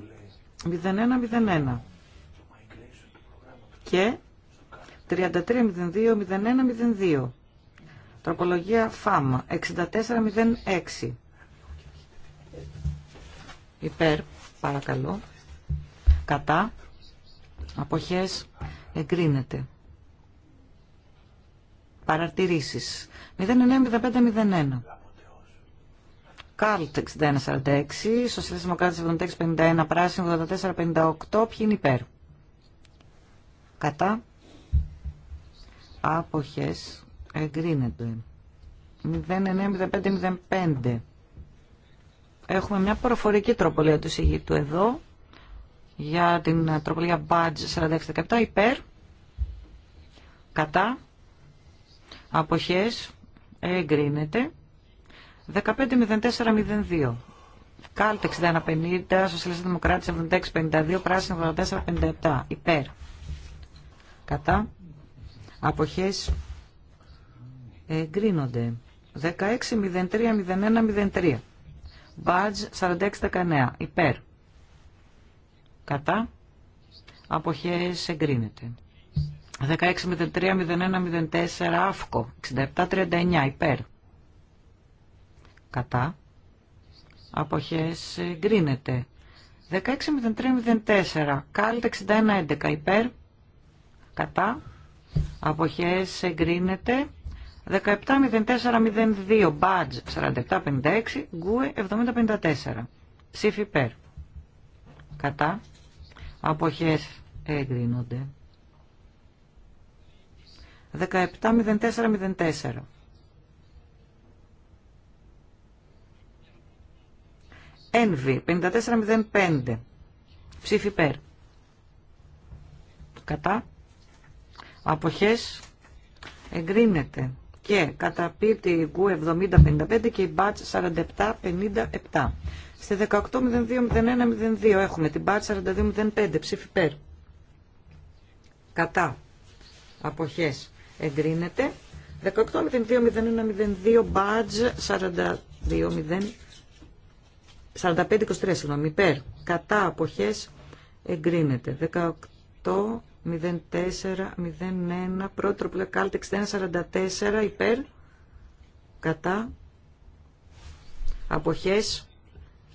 0101 και 3302-0102. Τροπολογία ΦΑΜΑ 6406. Υπέρ, παρακαλώ. Κατά. Αποχές εγκρίνεται. Παρατηρήσεις. 09-05-01. Κάλτ 61-46. Σωσίδες Δημοκράτης 76-51. Πράσιν 84-58. Ποιοι είναι υπέρ. Κατά. Άποχες. Εγκρίνεται. 09-05-05. Έχουμε μια προφορική τροπολία του Συγήτου εδώ. Για την τροπολία Badge 46-17. Υπέρ. Κατά αποχές εγκρίνεται 15.04.02 Κάλτ 61.50 Σοσιαλιστή δημοκράτη 76.52 Πράσινο 84.57 υπέρ κατά αποχές εγκρίνονται 16.03.01.03 Μπάτζ 46.19 υπέρ κατά αποχές εγκρίνεται 16.03.01.04 ΑΦΚΟ 67.39 υπέρ κατά αποχές γκρίνεται 16.03.04 κάλτ 61.11 υπέρ κατά αποχές εγκρίνεται 17.04.02 μπάτζ 47.56 γκουε 70.54 ψήφι υπέρ κατά αποχές εγκρίνονται 17 17.04.04. Ένβη, 54-05 Ψήφι Πέρ. Κατά. Αποχές εγκρίνεται και κατά πίτη γκου 70-55 και η μπάτς 47-57. Στη 18-02-01-02 έχουμε την μπάτς 42-05 ψήφι πέρ. Κατά. Αποχές εγκρίνεται. 18.02.01.02 μπάτζ 45.23 συγγνώμη υπέρ κατά αποχές εγκρίνεται 18.04.01 πρώτο που λέει υπέρ κατά αποχές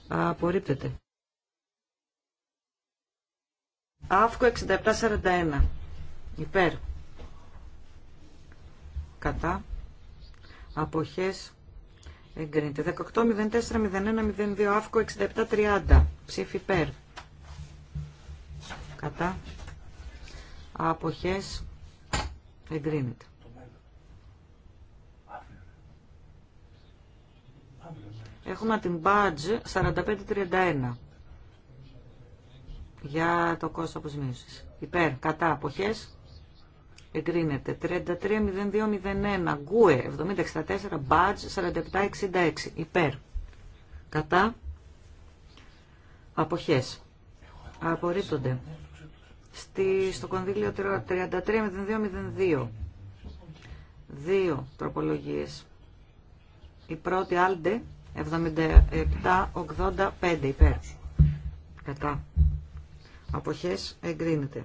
απορρίπτεται Αύκο 67.41 υπέρ κατά αποχές εγκρίνεται. 18.04.01.02 αύκο 67.30 ψήφι υπέρ κατά αποχές εγκρίνεται. Έχουμε την badge 4531 για το κόστος αποζημίωσης. Υπέρ, κατά, αποχές, εγκρίνεται. 33-02-01, γκουε, 70 μπάτζ, 47-66, υπέρ. Κατά, Αποχέ. Απορρίπτονται. Στη, στο κονδύλιο 33-02-02, δύο τροπολογίε. Η πρώτη, άλντε, 77-85, υπέρ. Κατά. Αποχές εγκρίνεται.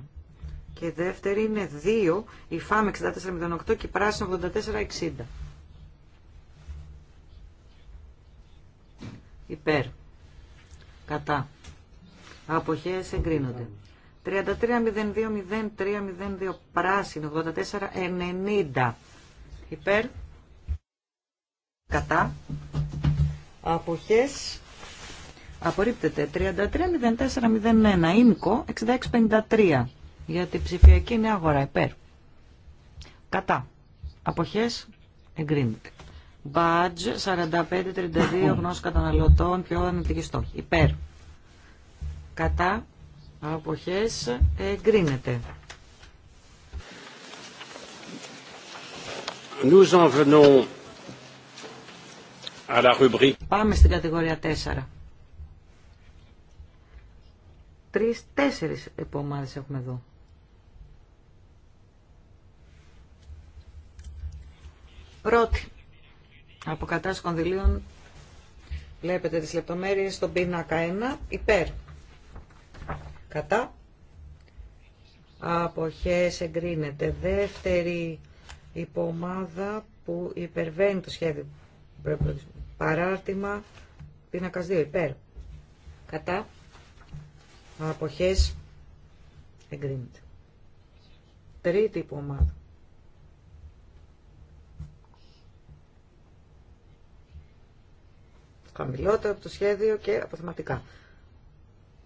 Και δεύτερη είναι 2, η ΦΑΜ 6408 και η πράσινη 8460. Υπέρ. Κατά. εγκρινονται 33020302 εγκρίνονται. 03 πράσινη 84 Υπέρ. Κατά. Αποχές. 330401 04 6653 για την ψηφιακή νέα αγορά υπέρ. Κατά. Αποχές εγκρίνεται. Badge 4532 γνώση καταναλωτών πιο ανεπτική στόχη. Υπέρ. Κατά. Αποχές εγκρίνεται. Nous en venons à la rubrique. Πάμε στην κατηγορία 4. Τρεις, τέσσερις επομάδες έχουμε εδώ. Πρώτη, αποκατάσταση κονδυλίων, βλέπετε τις λεπτομέρειες στον πίνακα 1, υπέρ. Κατά. Αποχές εγκρίνεται. Δεύτερη υπομάδα που υπερβαίνει το σχέδιο. Παράρτημα πίνακας 2, υπέρ. Κατά. Αποχές εγκρίνεται. Τρίτη υπομάδα. Χαμηλότερο από το σχέδιο και αποθεματικά.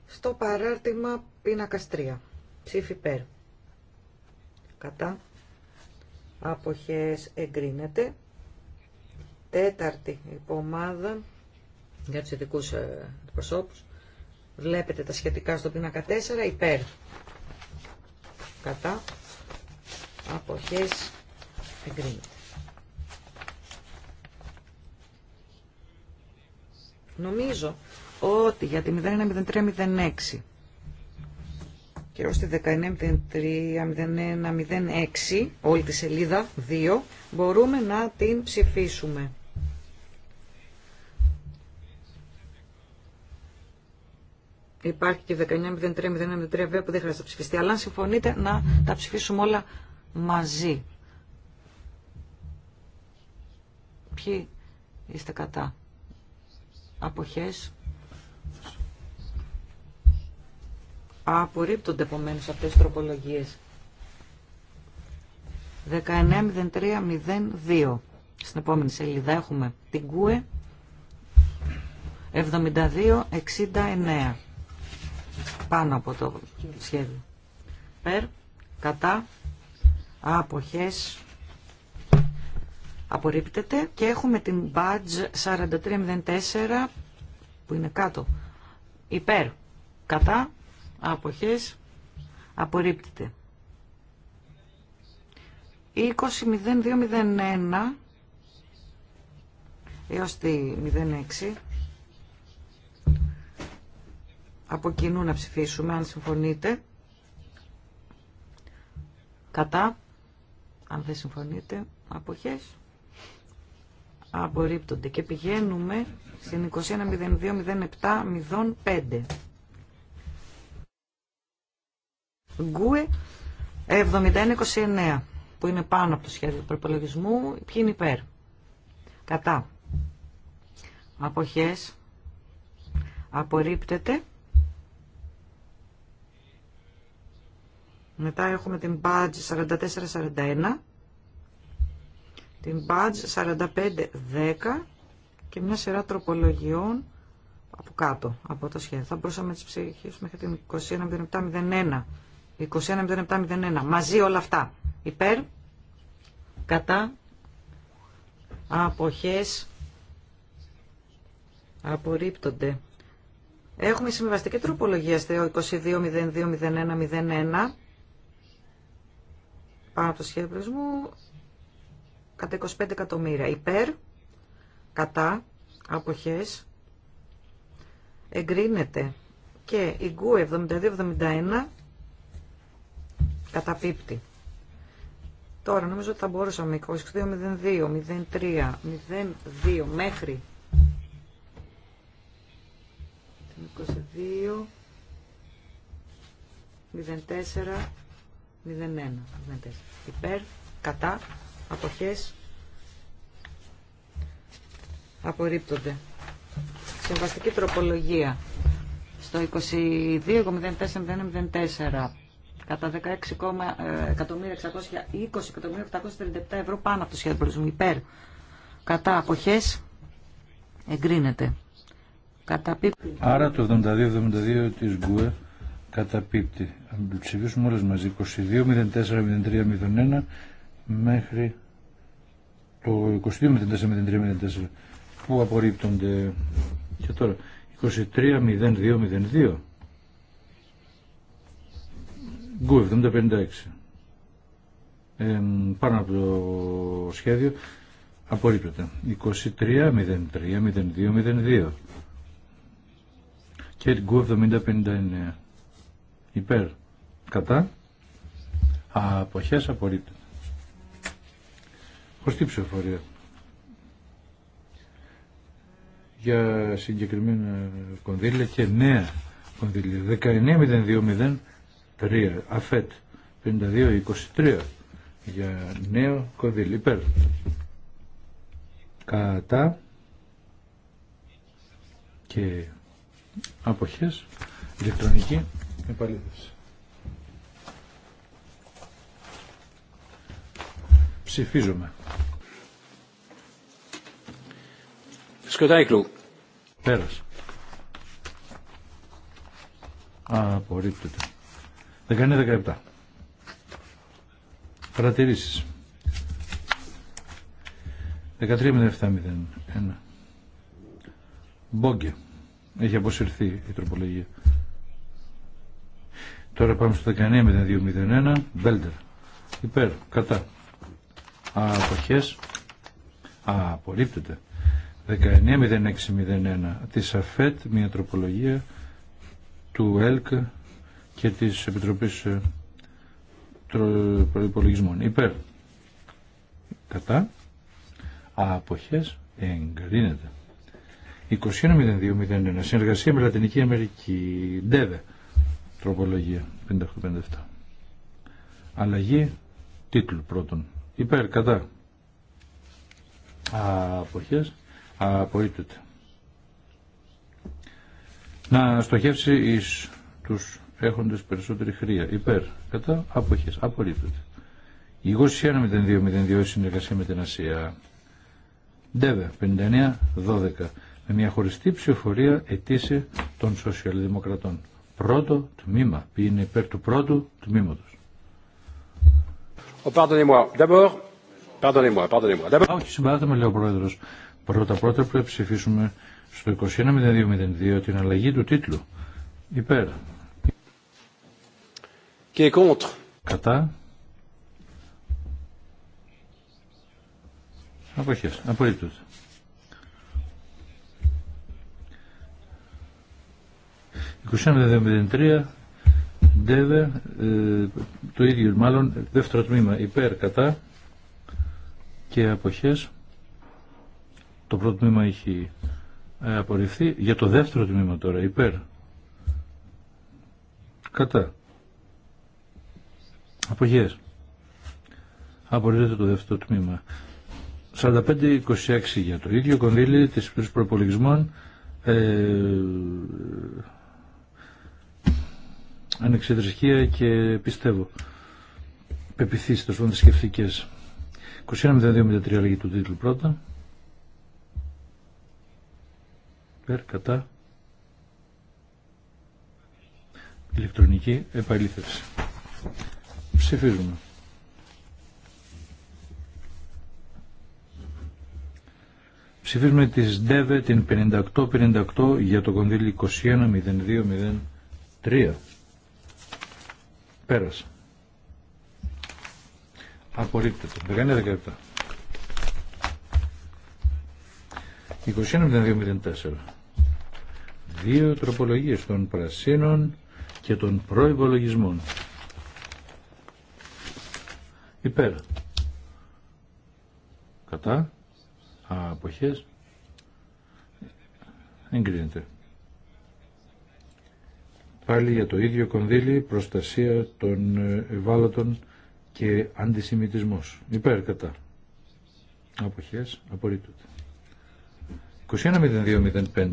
Στο παράρτημα πίνακα 3. Ψήφι ΠΕΡ. Κατά. Αποχές εγκρίνεται. Τέταρτη υπομάδα για τους ειδικούς ε, προσώπους. Βλέπετε τα σχετικά στο πίνακα 4. Υπέρ. Κατά. Αποχές εγκρίνεται. Νομίζω ότι για τη 010306 και ως τη 19030106, όλη τη σελίδα 2, μπορούμε να την ψηφίσουμε. Υπάρχει και 1903 βέβαια που δεν χρειάζεται να ψηφιστεί, αλλά αν συμφωνείτε να τα ψηφίσουμε όλα μαζί. Ποιοι είστε κατά αποχές απορρίπτονται επομένως αυτές τις τροπολογίες 19.03.02 στην επόμενη σελίδα έχουμε την ΚΟΕ 72.69 πάνω από το σχέδιο περ κατά αποχές απορρίπτεται και έχουμε την badge 4304 που είναι κάτω υπέρ κατά αποχές απορρίπτεται 20.02.01 έως τη 06 από κοινού να ψηφίσουμε αν συμφωνείτε κατά αν δεν συμφωνείτε αποχές απορρίπτονται. Και πηγαίνουμε στην 21.02.07.05. Γκουε 71.29 που είναι πάνω από το σχέδιο προπολογισμού. Ποιοι είναι υπέρ. Κατά. Αποχές. Απορρίπτεται. Μετά έχουμε την badge 4441 την badge 4510 και μια σειρά τροπολογιών από κάτω, από το σχέδιο. Θα μπορούσαμε τις ψηφίσουμε μέχρι την 21.07.01. 21.07.01. Μαζί όλα αυτά. Υπέρ, κατά, αποχές, απορρίπτονται. Έχουμε συμβαστική τροπολογία στο 22.02.01.01. Πάνω από το σχέδιο μου κατά 25 εκατομμύρια. Υπέρ, κατά, αποχές, εγκρίνεται. Και η γκου 72-71 καταπίπτει. Τώρα νομίζω ότι θα μπορούσαμε 22-02, 03, 02 μέχρι 22, 04, 01, 04. Υπέρ, κατά, αποχές απορρίπτονται. Συμβαστική τροπολογία στο 22.04.04 κατά 16.620.837 ε, ευρώ πάνω από το σχέδιο υπέρ κατά αποχές εγκρίνεται. Άρα το 72-72 της ΓΚΟΕ καταπίπτει. Αν το ψηφίσουμε όλες μέχρι το 22 με την 4 με την 3 4 που απορρίπτονται και τώρα 23-02-02 Γκου 70 ε, πάνω από το σχέδιο απορρίπτεται 23-03-02-02 και Γκου 70 υπέρ κατά αποχές απορρίπτεται χωστή ψηφοφορία για συγκεκριμένα κονδύλια και νέα κονδύλια. 19.02.03 ΑΦΕΤ 52.23 για νέο κονδύλι υπέρ. Κατά και αποχές ηλεκτρονική επαλήθευση. Ψηφίζουμε. Σκοτάικλου. Πέρας. Α, απορρίπτεται. 19-17. Παρατηρήσεις. 13-07-01. Μπόγκε. Έχει αποσυρθεί η τροπολογία. Τώρα πάμε στο 19-02-01. Μπέλτερ. Υπέρ. Κατά αποχές απορρίπτεται 19.06.01 της ΑΦΕΤ μια τροπολογία του ΕΛΚ και της Επιτροπής ε, Προϋπολογισμών υπέρ κατά αποχές εγκρίνεται 21.02.01 συνεργασία με Λατινική Αμερική ΝΤΕΒΕ τροπολογία 5857 αλλαγή τίτλου πρώτον Υπέρ, κατά. Αποχές. Απορρίπτεται. Να στοχεύσει εις τους έχοντες περισσότερη χρία. Υπέρ, κατά, αποχές. Απορρίπτεται. Η 21.02.02 συνεργασία με την Ασία. Ντεβε, 59.12. Με μια χωριστή ψηφοφορία ετήσι των σοσιαλδημοκρατών. Πρώτο τμήμα. Ποιοι είναι υπέρ του πρώτου τμήματος. Όχι, oh, συμπαράτε λέει ο προεδρο Πρώτα πρώτα πρέπει να ψηφίσουμε στο 21.02.02 την αλλαγή του τίτλου. Υπέρ. Και contre. Κατά. Αποχές. Απολύτως. Είκοσι ε, το ίδιο μάλλον, δεύτερο τμήμα υπέρ κατά και αποχές. Το πρώτο τμήμα έχει ε, απορριφθεί. Για το δεύτερο τμήμα τώρα υπέρ κατά αποχές. απορίζεται το δεύτερο τμήμα. 45-26 για το ίδιο κονδύλι της προπολογισμών ε, ανεξιδρυσκεία και πιστεύω πεπιθήσεις των 21, θρησκευτικές. 21.02.03 λέγει του τίτλου πρώτα. Περ, κατά. Ηλεκτρονική επαλήθευση. Ψηφίζουμε. Ψηφίζουμε τις ΔΕΒΕ την 58-58 για το κονδύλι 21-02-03. Πέρασε. Απορρίπτεται. 19-17. δυο τροπολογίες των πρασίνων και των προϋπολογισμών. Υπέρ. Κατά. Αποχές. Εγκρίνεται πάλι για το ίδιο κονδύλι προστασία των ε, ευάλωτων και αντισημιτισμός. Υπέρ κατά. Αποχές απορρίπτωται. 21.02.05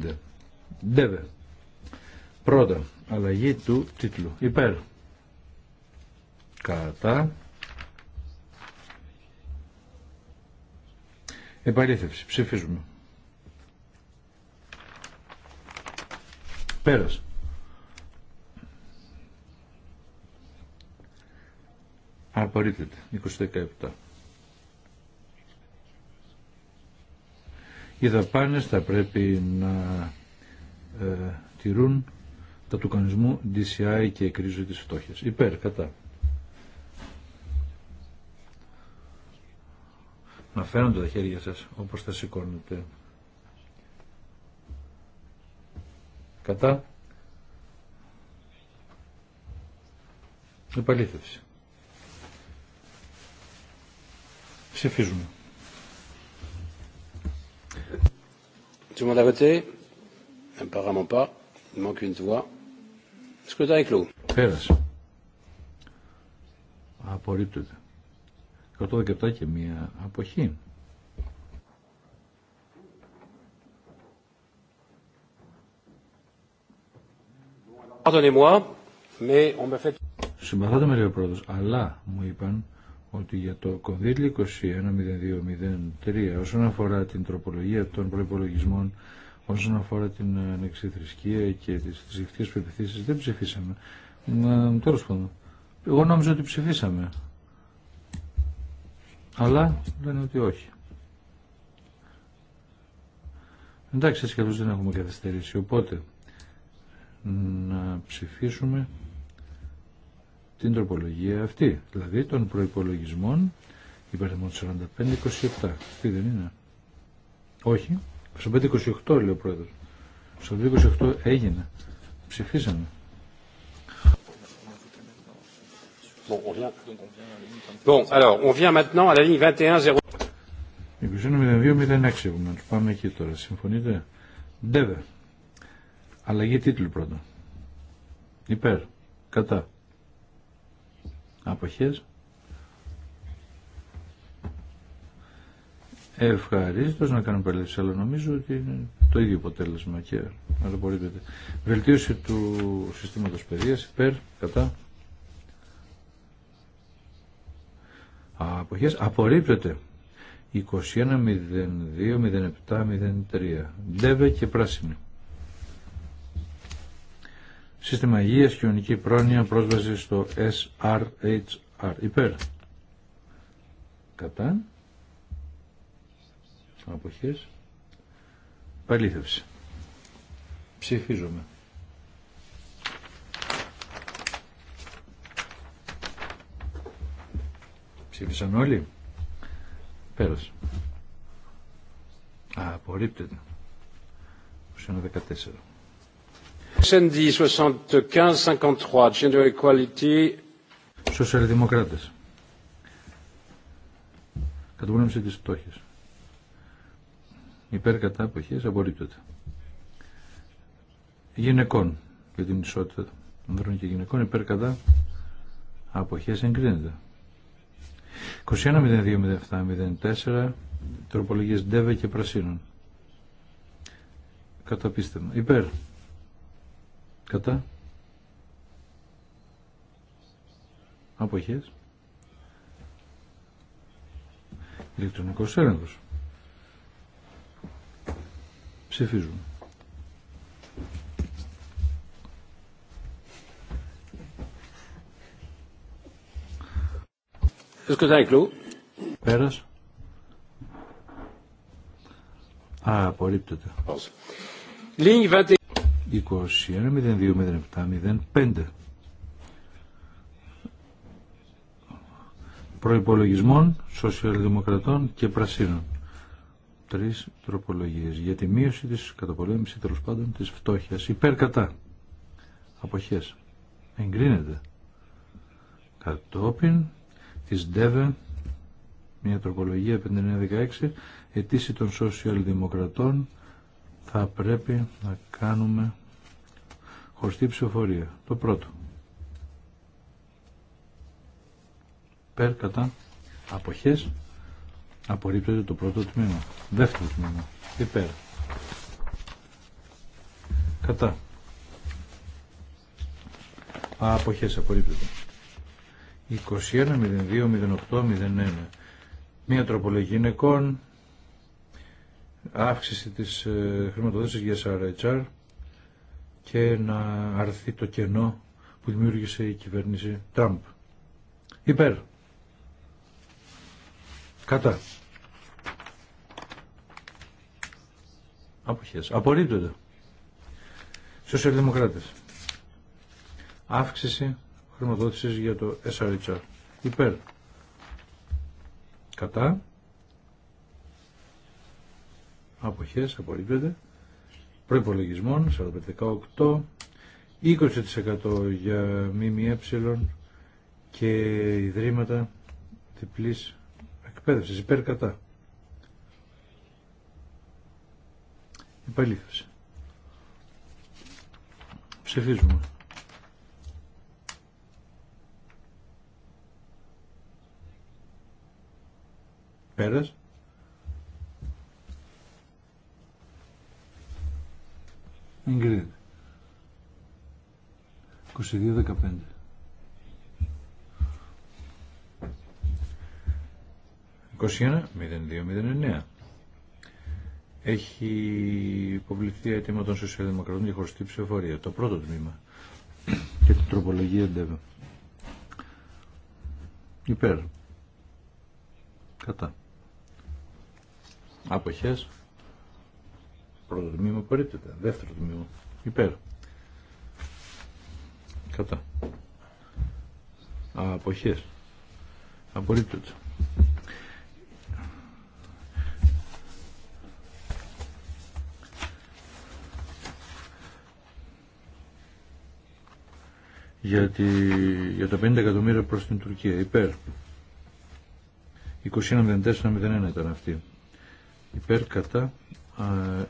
Ντεβε. Πρώτα, αλλαγή του τίτλου. Υπέρ. Κατά. Επαλήθευση. Ψηφίζουμε. Πέρασε. Απορρίπτεται. 2017. Οι δαπάνες θα πρέπει να ε, τηρούν τα του κανονισμού DCI και κρίση της φτώχειας. Υπέρ, κατά. Να φαίνονται τα χέρια σας όπως τα σηκώνετε. Κατά. Επαλήθευση. Ψηφίζουμε. Tout le monde a voté Apparemment και μία Συμπαθάτε με λίγο αλλά μου είπαν ότι για το κονδύλι 210203 όσον αφορά την τροπολογία των προπολογισμών όσον αφορά την ανεξιθρησκεία και τις θρησκευτικές πεπιθήσεις δεν ψηφίσαμε. Εγώ νόμιζα ότι ψηφίσαμε. Αλλά λένε ότι όχι. Εντάξει, ασχετικά δεν έχουμε καθυστερήσει. Οπότε να ψηφίσουμε την τροπολογία αυτή, δηλαδή των προϋπολογισμών υπαριθμών 45-27. Αυτή δεν είναι. Όχι. 45-28 λέει ο πρόεδρος. 45-28 έγινε. Ψηφίσαμε. Bon, 21 επομένως. Πάμε εκεί τώρα. Συμφωνείτε. Ντεβε. Αλλαγή τίτλου πρώτα. Υπέρ. Κατά. Αποχές. Ευχαρίστω να κάνουμε παλέψη, αλλά νομίζω ότι είναι το ίδιο αποτέλεσμα και απορρίπτεται. Βελτίωση του συστήματος παιδείας υπέρ, κατά. Αποχές. Απορρίπτεται. 21, 02, 07, 03. Ντέβε και πράσινη σύστημα υγείας, κοινωνική πρόνοια, πρόσβαση στο SRHR. Υπέρ. Κατά. Αποχές. Παλήθευση. Ψηφίζουμε. Ψήφισαν όλοι. Πέρασε. Α, απορρίπτεται. 14. Σοσιαλδημοκράτε. 75-53, gender equality. Σοσιαλδημοκράτες. Καταπολέμηση της Υπέρ κατά αποχές απορρίπτεται. Γυναικών για την ισότητα ανδρών και γυναικών υπέρ κατά αποχές εγκρίνεται. 21.02.07.04 τροπολογίες Ντέβε και Πρασίνων. Καταπίστευμα. Υπέρ κατά αποχές ηλεκτρονικός έλεγχος ψηφίζουμε Πέρας. Α, απορρίπτεται. Λίγη 21.02.07.05 Προϋπολογισμών Σοσιαλδημοκρατών και Πρασίνων Τρεις τροπολογίες για τη μείωση της καταπολέμησης τέλο πάντων της φτώχειας υπέρ κατά αποχές εγκρίνεται κατόπιν της ΔΕΒΕ μια τροπολογία 5916 ετήσι των Σοσιαλδημοκρατών θα πρέπει να κάνουμε χωριστή ψηφοφορία. Το πρώτο. Περ κατά αποχές απορρίπτεται το πρώτο τμήμα. Δεύτερο τμήμα. Υπέρ. Κατά. Α, αποχές απορρίπτεται. 21.02.08.01 Μία τροπολογία γυναικών αύξηση της ε, χρηματοδότησης για SRHR και να αρθεί το κενό που δημιούργησε η κυβέρνηση Τραμπ. Υπέρ. Κατά. Αποχές. Απορρίπτονται. Σοσιαλδημοκράτες. Αύξηση χρηματοδότησης για το SRHR. Υπέρ. Κατά αποχές απορρίπτεται προϋπολογισμών 20% για ΜΜΕ και ιδρύματα διπλής εκπαίδευσης υπέρ κατά Υπαλήθευση. ψηφίζουμε πέρας Εγκρίνεται. 22-15. Έχει υποβληθεί αίτημα των Σοσιαλδημοκρατών για χωριστή ψηφοφορία. Το πρώτο τμήμα. Και την τροπολογία εντεύε. Υπέρ. Κατά. Αποχές. Πρώτο τμήμα απορρίπτεται. Δεύτερο τμήμα υπέρ. Κατά. Αποχές. Απορρίπτεται. για, τη, για τα 50 εκατομμύρια προς την Τουρκία, υπέρ. 21.04.01 ήταν αυτή. Υπέρ κατά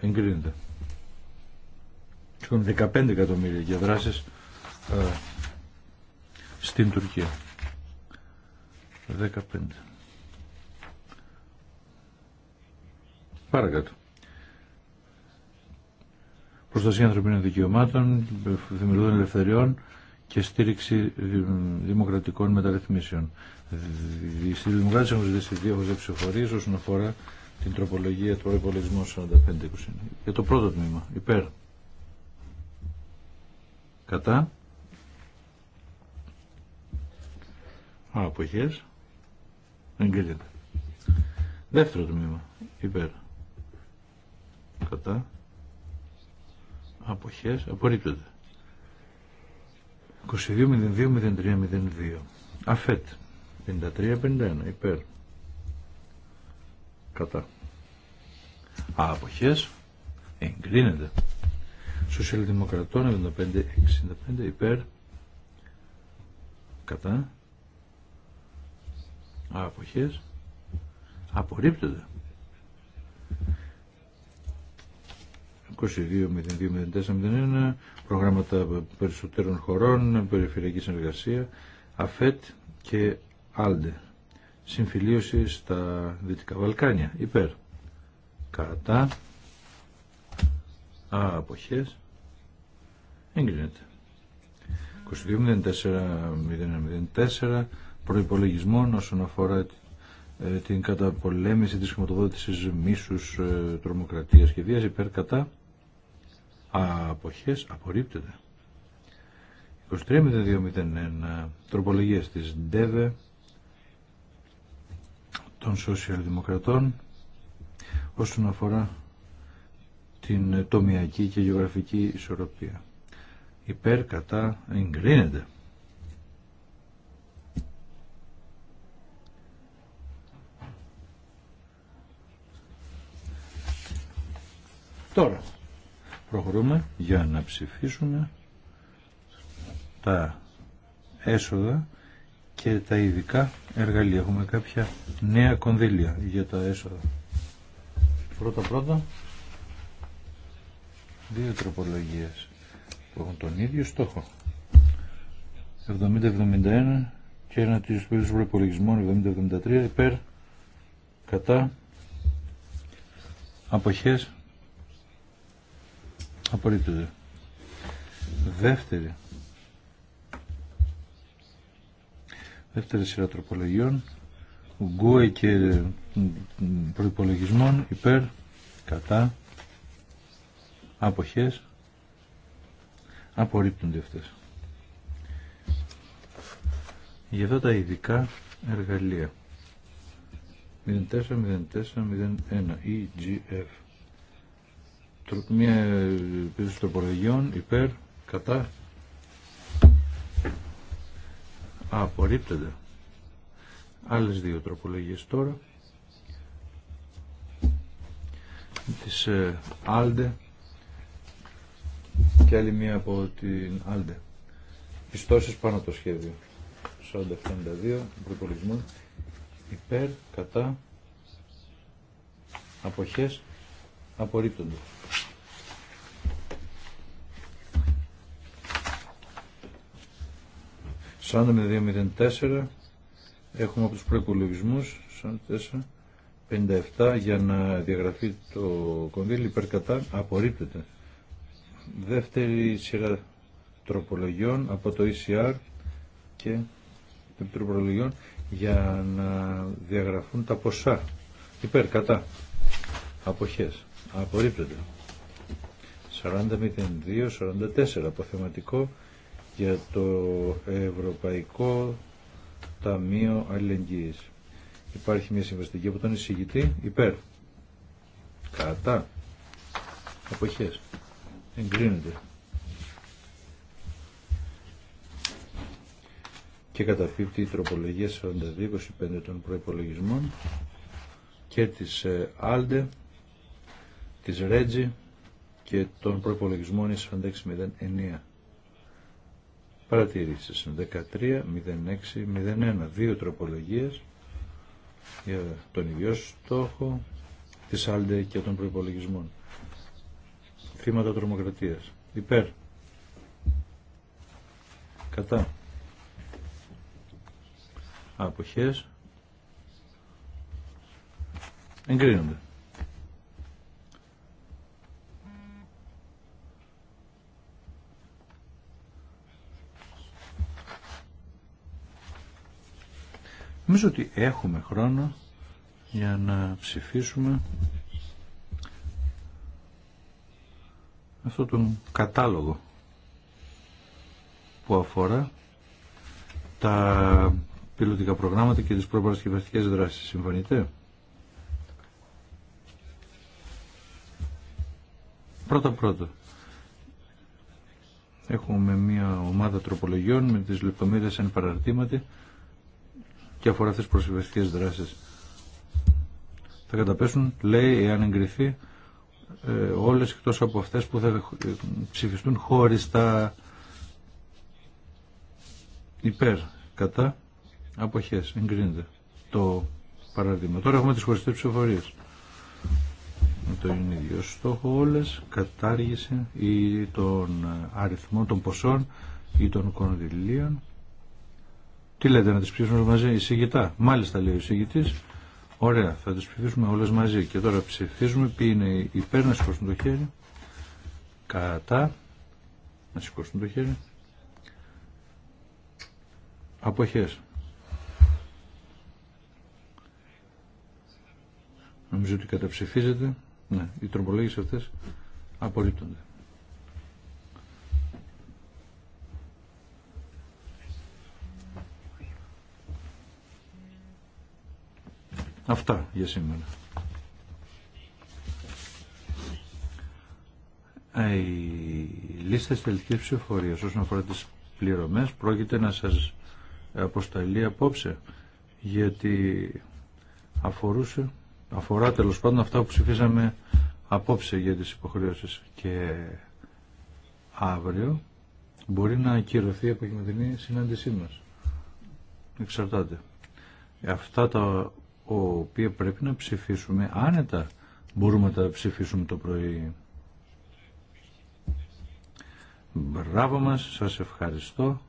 εγκρίνεται. Έχουν λοιπόν, 15 εκατομμύρια για δράσεις ε, στην Τουρκία. 15. Παρακάτω. Προστασία ανθρωπίνων δικαιωμάτων, δημιουργών ελευθεριών και στήριξη δημοκρατικών μεταρρυθμίσεων. Οι δημοκρατία έχουν ζητήσει δύο ψηφοφορίε όσον αφορά την τροπολογία του προπολογισμού 45-29. Για το πρώτο τμήμα, υπέρ. Κατά. Αποχές. Εγκρίνεται. Δεύτερο τμήμα, υπέρ. Κατά. Αποχές. Απορρίπτεται. 22-02-03-02. Αφέτ. 53-51. Υπέρ κατά αποχές εγκρίνεται σοσιαλδημοκρατών 75-65 υπέρ κατά αποχές απορρίπτεται προγράμματα προγράμματα περισσότερων χωρών περιφερειακή συνεργασία ΑΦΕΤ και ΑΛΔΕ συμφιλίωση στα Δυτικά Βαλκάνια. Υπέρ. Κατά. Α, αποχές. Εγκρίνεται. 22.04.004 προϋπολογισμών όσον αφορά ε, την καταπολέμηση της χρηματοδότησης μίσους ε, τρομοκρατίας και βίας υπέρ κατά αποχές απορρίπτεται. 23.02.01 τροπολογίες της ΝΤΕΒΕ των σοσιαλδημοκρατών όσον αφορά την τομιακή και γεωγραφική ισορροπία. Υπέρ κατά εγκρίνεται. Τώρα προχωρούμε για να ψηφίσουμε τα έσοδα και τα ειδικά εργαλεία. Έχουμε κάποια νέα κονδύλια για τα έσοδα. Πρώτα πρώτα, δύο τροπολογίες που έχουν τον ίδιο στόχο. 70-71 και ένα της προπολογισμών 70-73 υπέρ κατά αποχές απορρίπτονται. Δεύτερη Δεύτερη σειρά τροπολογιών. Γκουε και προϋπολογισμών υπέρ, κατά, αποχές. Απορρίπτονται αυτές. Για εδώ τα ειδικά εργαλεία. 040401 EGF. Μια τροπολογιών υπέρ, κατά, Απορρίπτονται. Άλλες δύο τροπολογίες τώρα. Της ε, Άλντε και άλλη μία από την Άλντε. Πιστώσεις πάνω το σχέδιο. 40-72 υπέρ, κατά, αποχές, απορρίπτονται. 4204 έχουμε από τους προϋπολογισμούς 57 για να διαγραφεί το κονδύλι υπερκατά απορρίπτεται δεύτερη σειρά τροπολογιών από το ECR και τροπολογιών για να διαγραφούν τα ποσά υπερκατά αποχές απορρίπτεται 44 αποθεματικό για το Ευρωπαϊκό Ταμείο Αλληλεγγύης. Υπάρχει μια συμβαστική από τον εισηγητή υπέρ. Κατά. Αποχές. Εγκρίνεται. Και καταφύπτει η τροπολογία 42-25 των προϋπολογισμών και της ε, Άλντε, της Ρέτζη και των προϋπολογισμών 09 παρατηρήσεις. 13.06.01. Δύο τροπολογίες για τον ίδιο στόχο της ΑΛΔΕ και των προϋπολογισμών. Θύματα τρομοκρατίας. Υπέρ. Κατά. Αποχές. Εγκρίνονται. Νομίζω ότι έχουμε χρόνο για να ψηφίσουμε αυτό τον κατάλογο που αφορά τα πιλωτικά προγράμματα και τις προπαρασκευαστικές δράσεις. Συμφωνείτε? Πρώτα πρώτα. Έχουμε μια ομάδα τροπολογιών με τις λεπτομέρειες εν παραρτήματι και αφορά αυτές τις προσφυγικέ δράσεις. Θα καταπέσουν, λέει, εάν εγκριθεί, ε, όλες εκτός από αυτές που θα ψηφιστούν χωριστά υπέρ, κατά, αποχές. Εγκρίνεται το παράδειγμα. Τώρα έχουμε τις χωριστές ψηφοφορίες. Το είναι ίδιο στόχο όλες, κατάργηση ή των αριθμών των ποσών ή των κονδυλίων τι λέτε να τις ψηφίσουμε μαζί, εισηγητά. Μάλιστα λέει ο εισηγητής. Ωραία, θα τις ψηφίσουμε όλες μαζί. Και τώρα ψηφίζουμε ποιοι είναι υπέρ να σηκώσουν το χέρι. Κατά. Να σηκώσουν το χέρι. Αποχές. Νομίζω ότι καταψηφίζεται. Ναι, οι τροπολόγες αυτές απορρίπτονται. Αυτά για σήμερα. Οι ε, τη τελική ψηφοφορία όσον αφορά τι πληρωμές πρόκειται να σας αποσταλεί απόψε γιατί αφορούσε, αφορά τέλο πάντων αυτά που ψηφίσαμε απόψε για τις υποχρεώσεις και αύριο μπορεί να ακυρωθεί η συνάντησή μας. Εξαρτάται. Αυτά τα οποία πρέπει να ψηφίσουμε άνετα μπορούμε να τα ψηφίσουμε το πρωί. Μπράβο μας, σας ευχαριστώ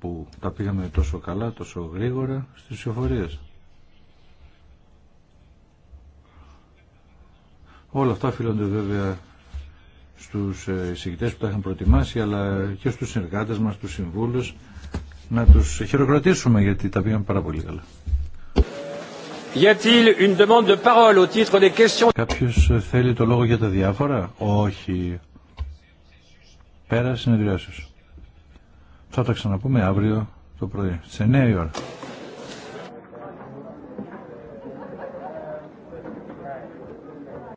που τα πήγαμε τόσο καλά, τόσο γρήγορα στις ψηφορίες. Όλα αυτά φίλονται βέβαια στους ε, εισηγητές που τα είχαν προετοιμάσει αλλά και στους συνεργάτες μας, τους συμβούλους να τους χειροκροτήσουμε γιατί τα πήγαμε πάρα πολύ καλά. Κάποιος θέλει το λόγο για τα διάφορα. Όχι. Πέρα συνεδριάσεις. Θα τα ξαναπούμε αύριο το πρωί. Σε 9 η ώρα.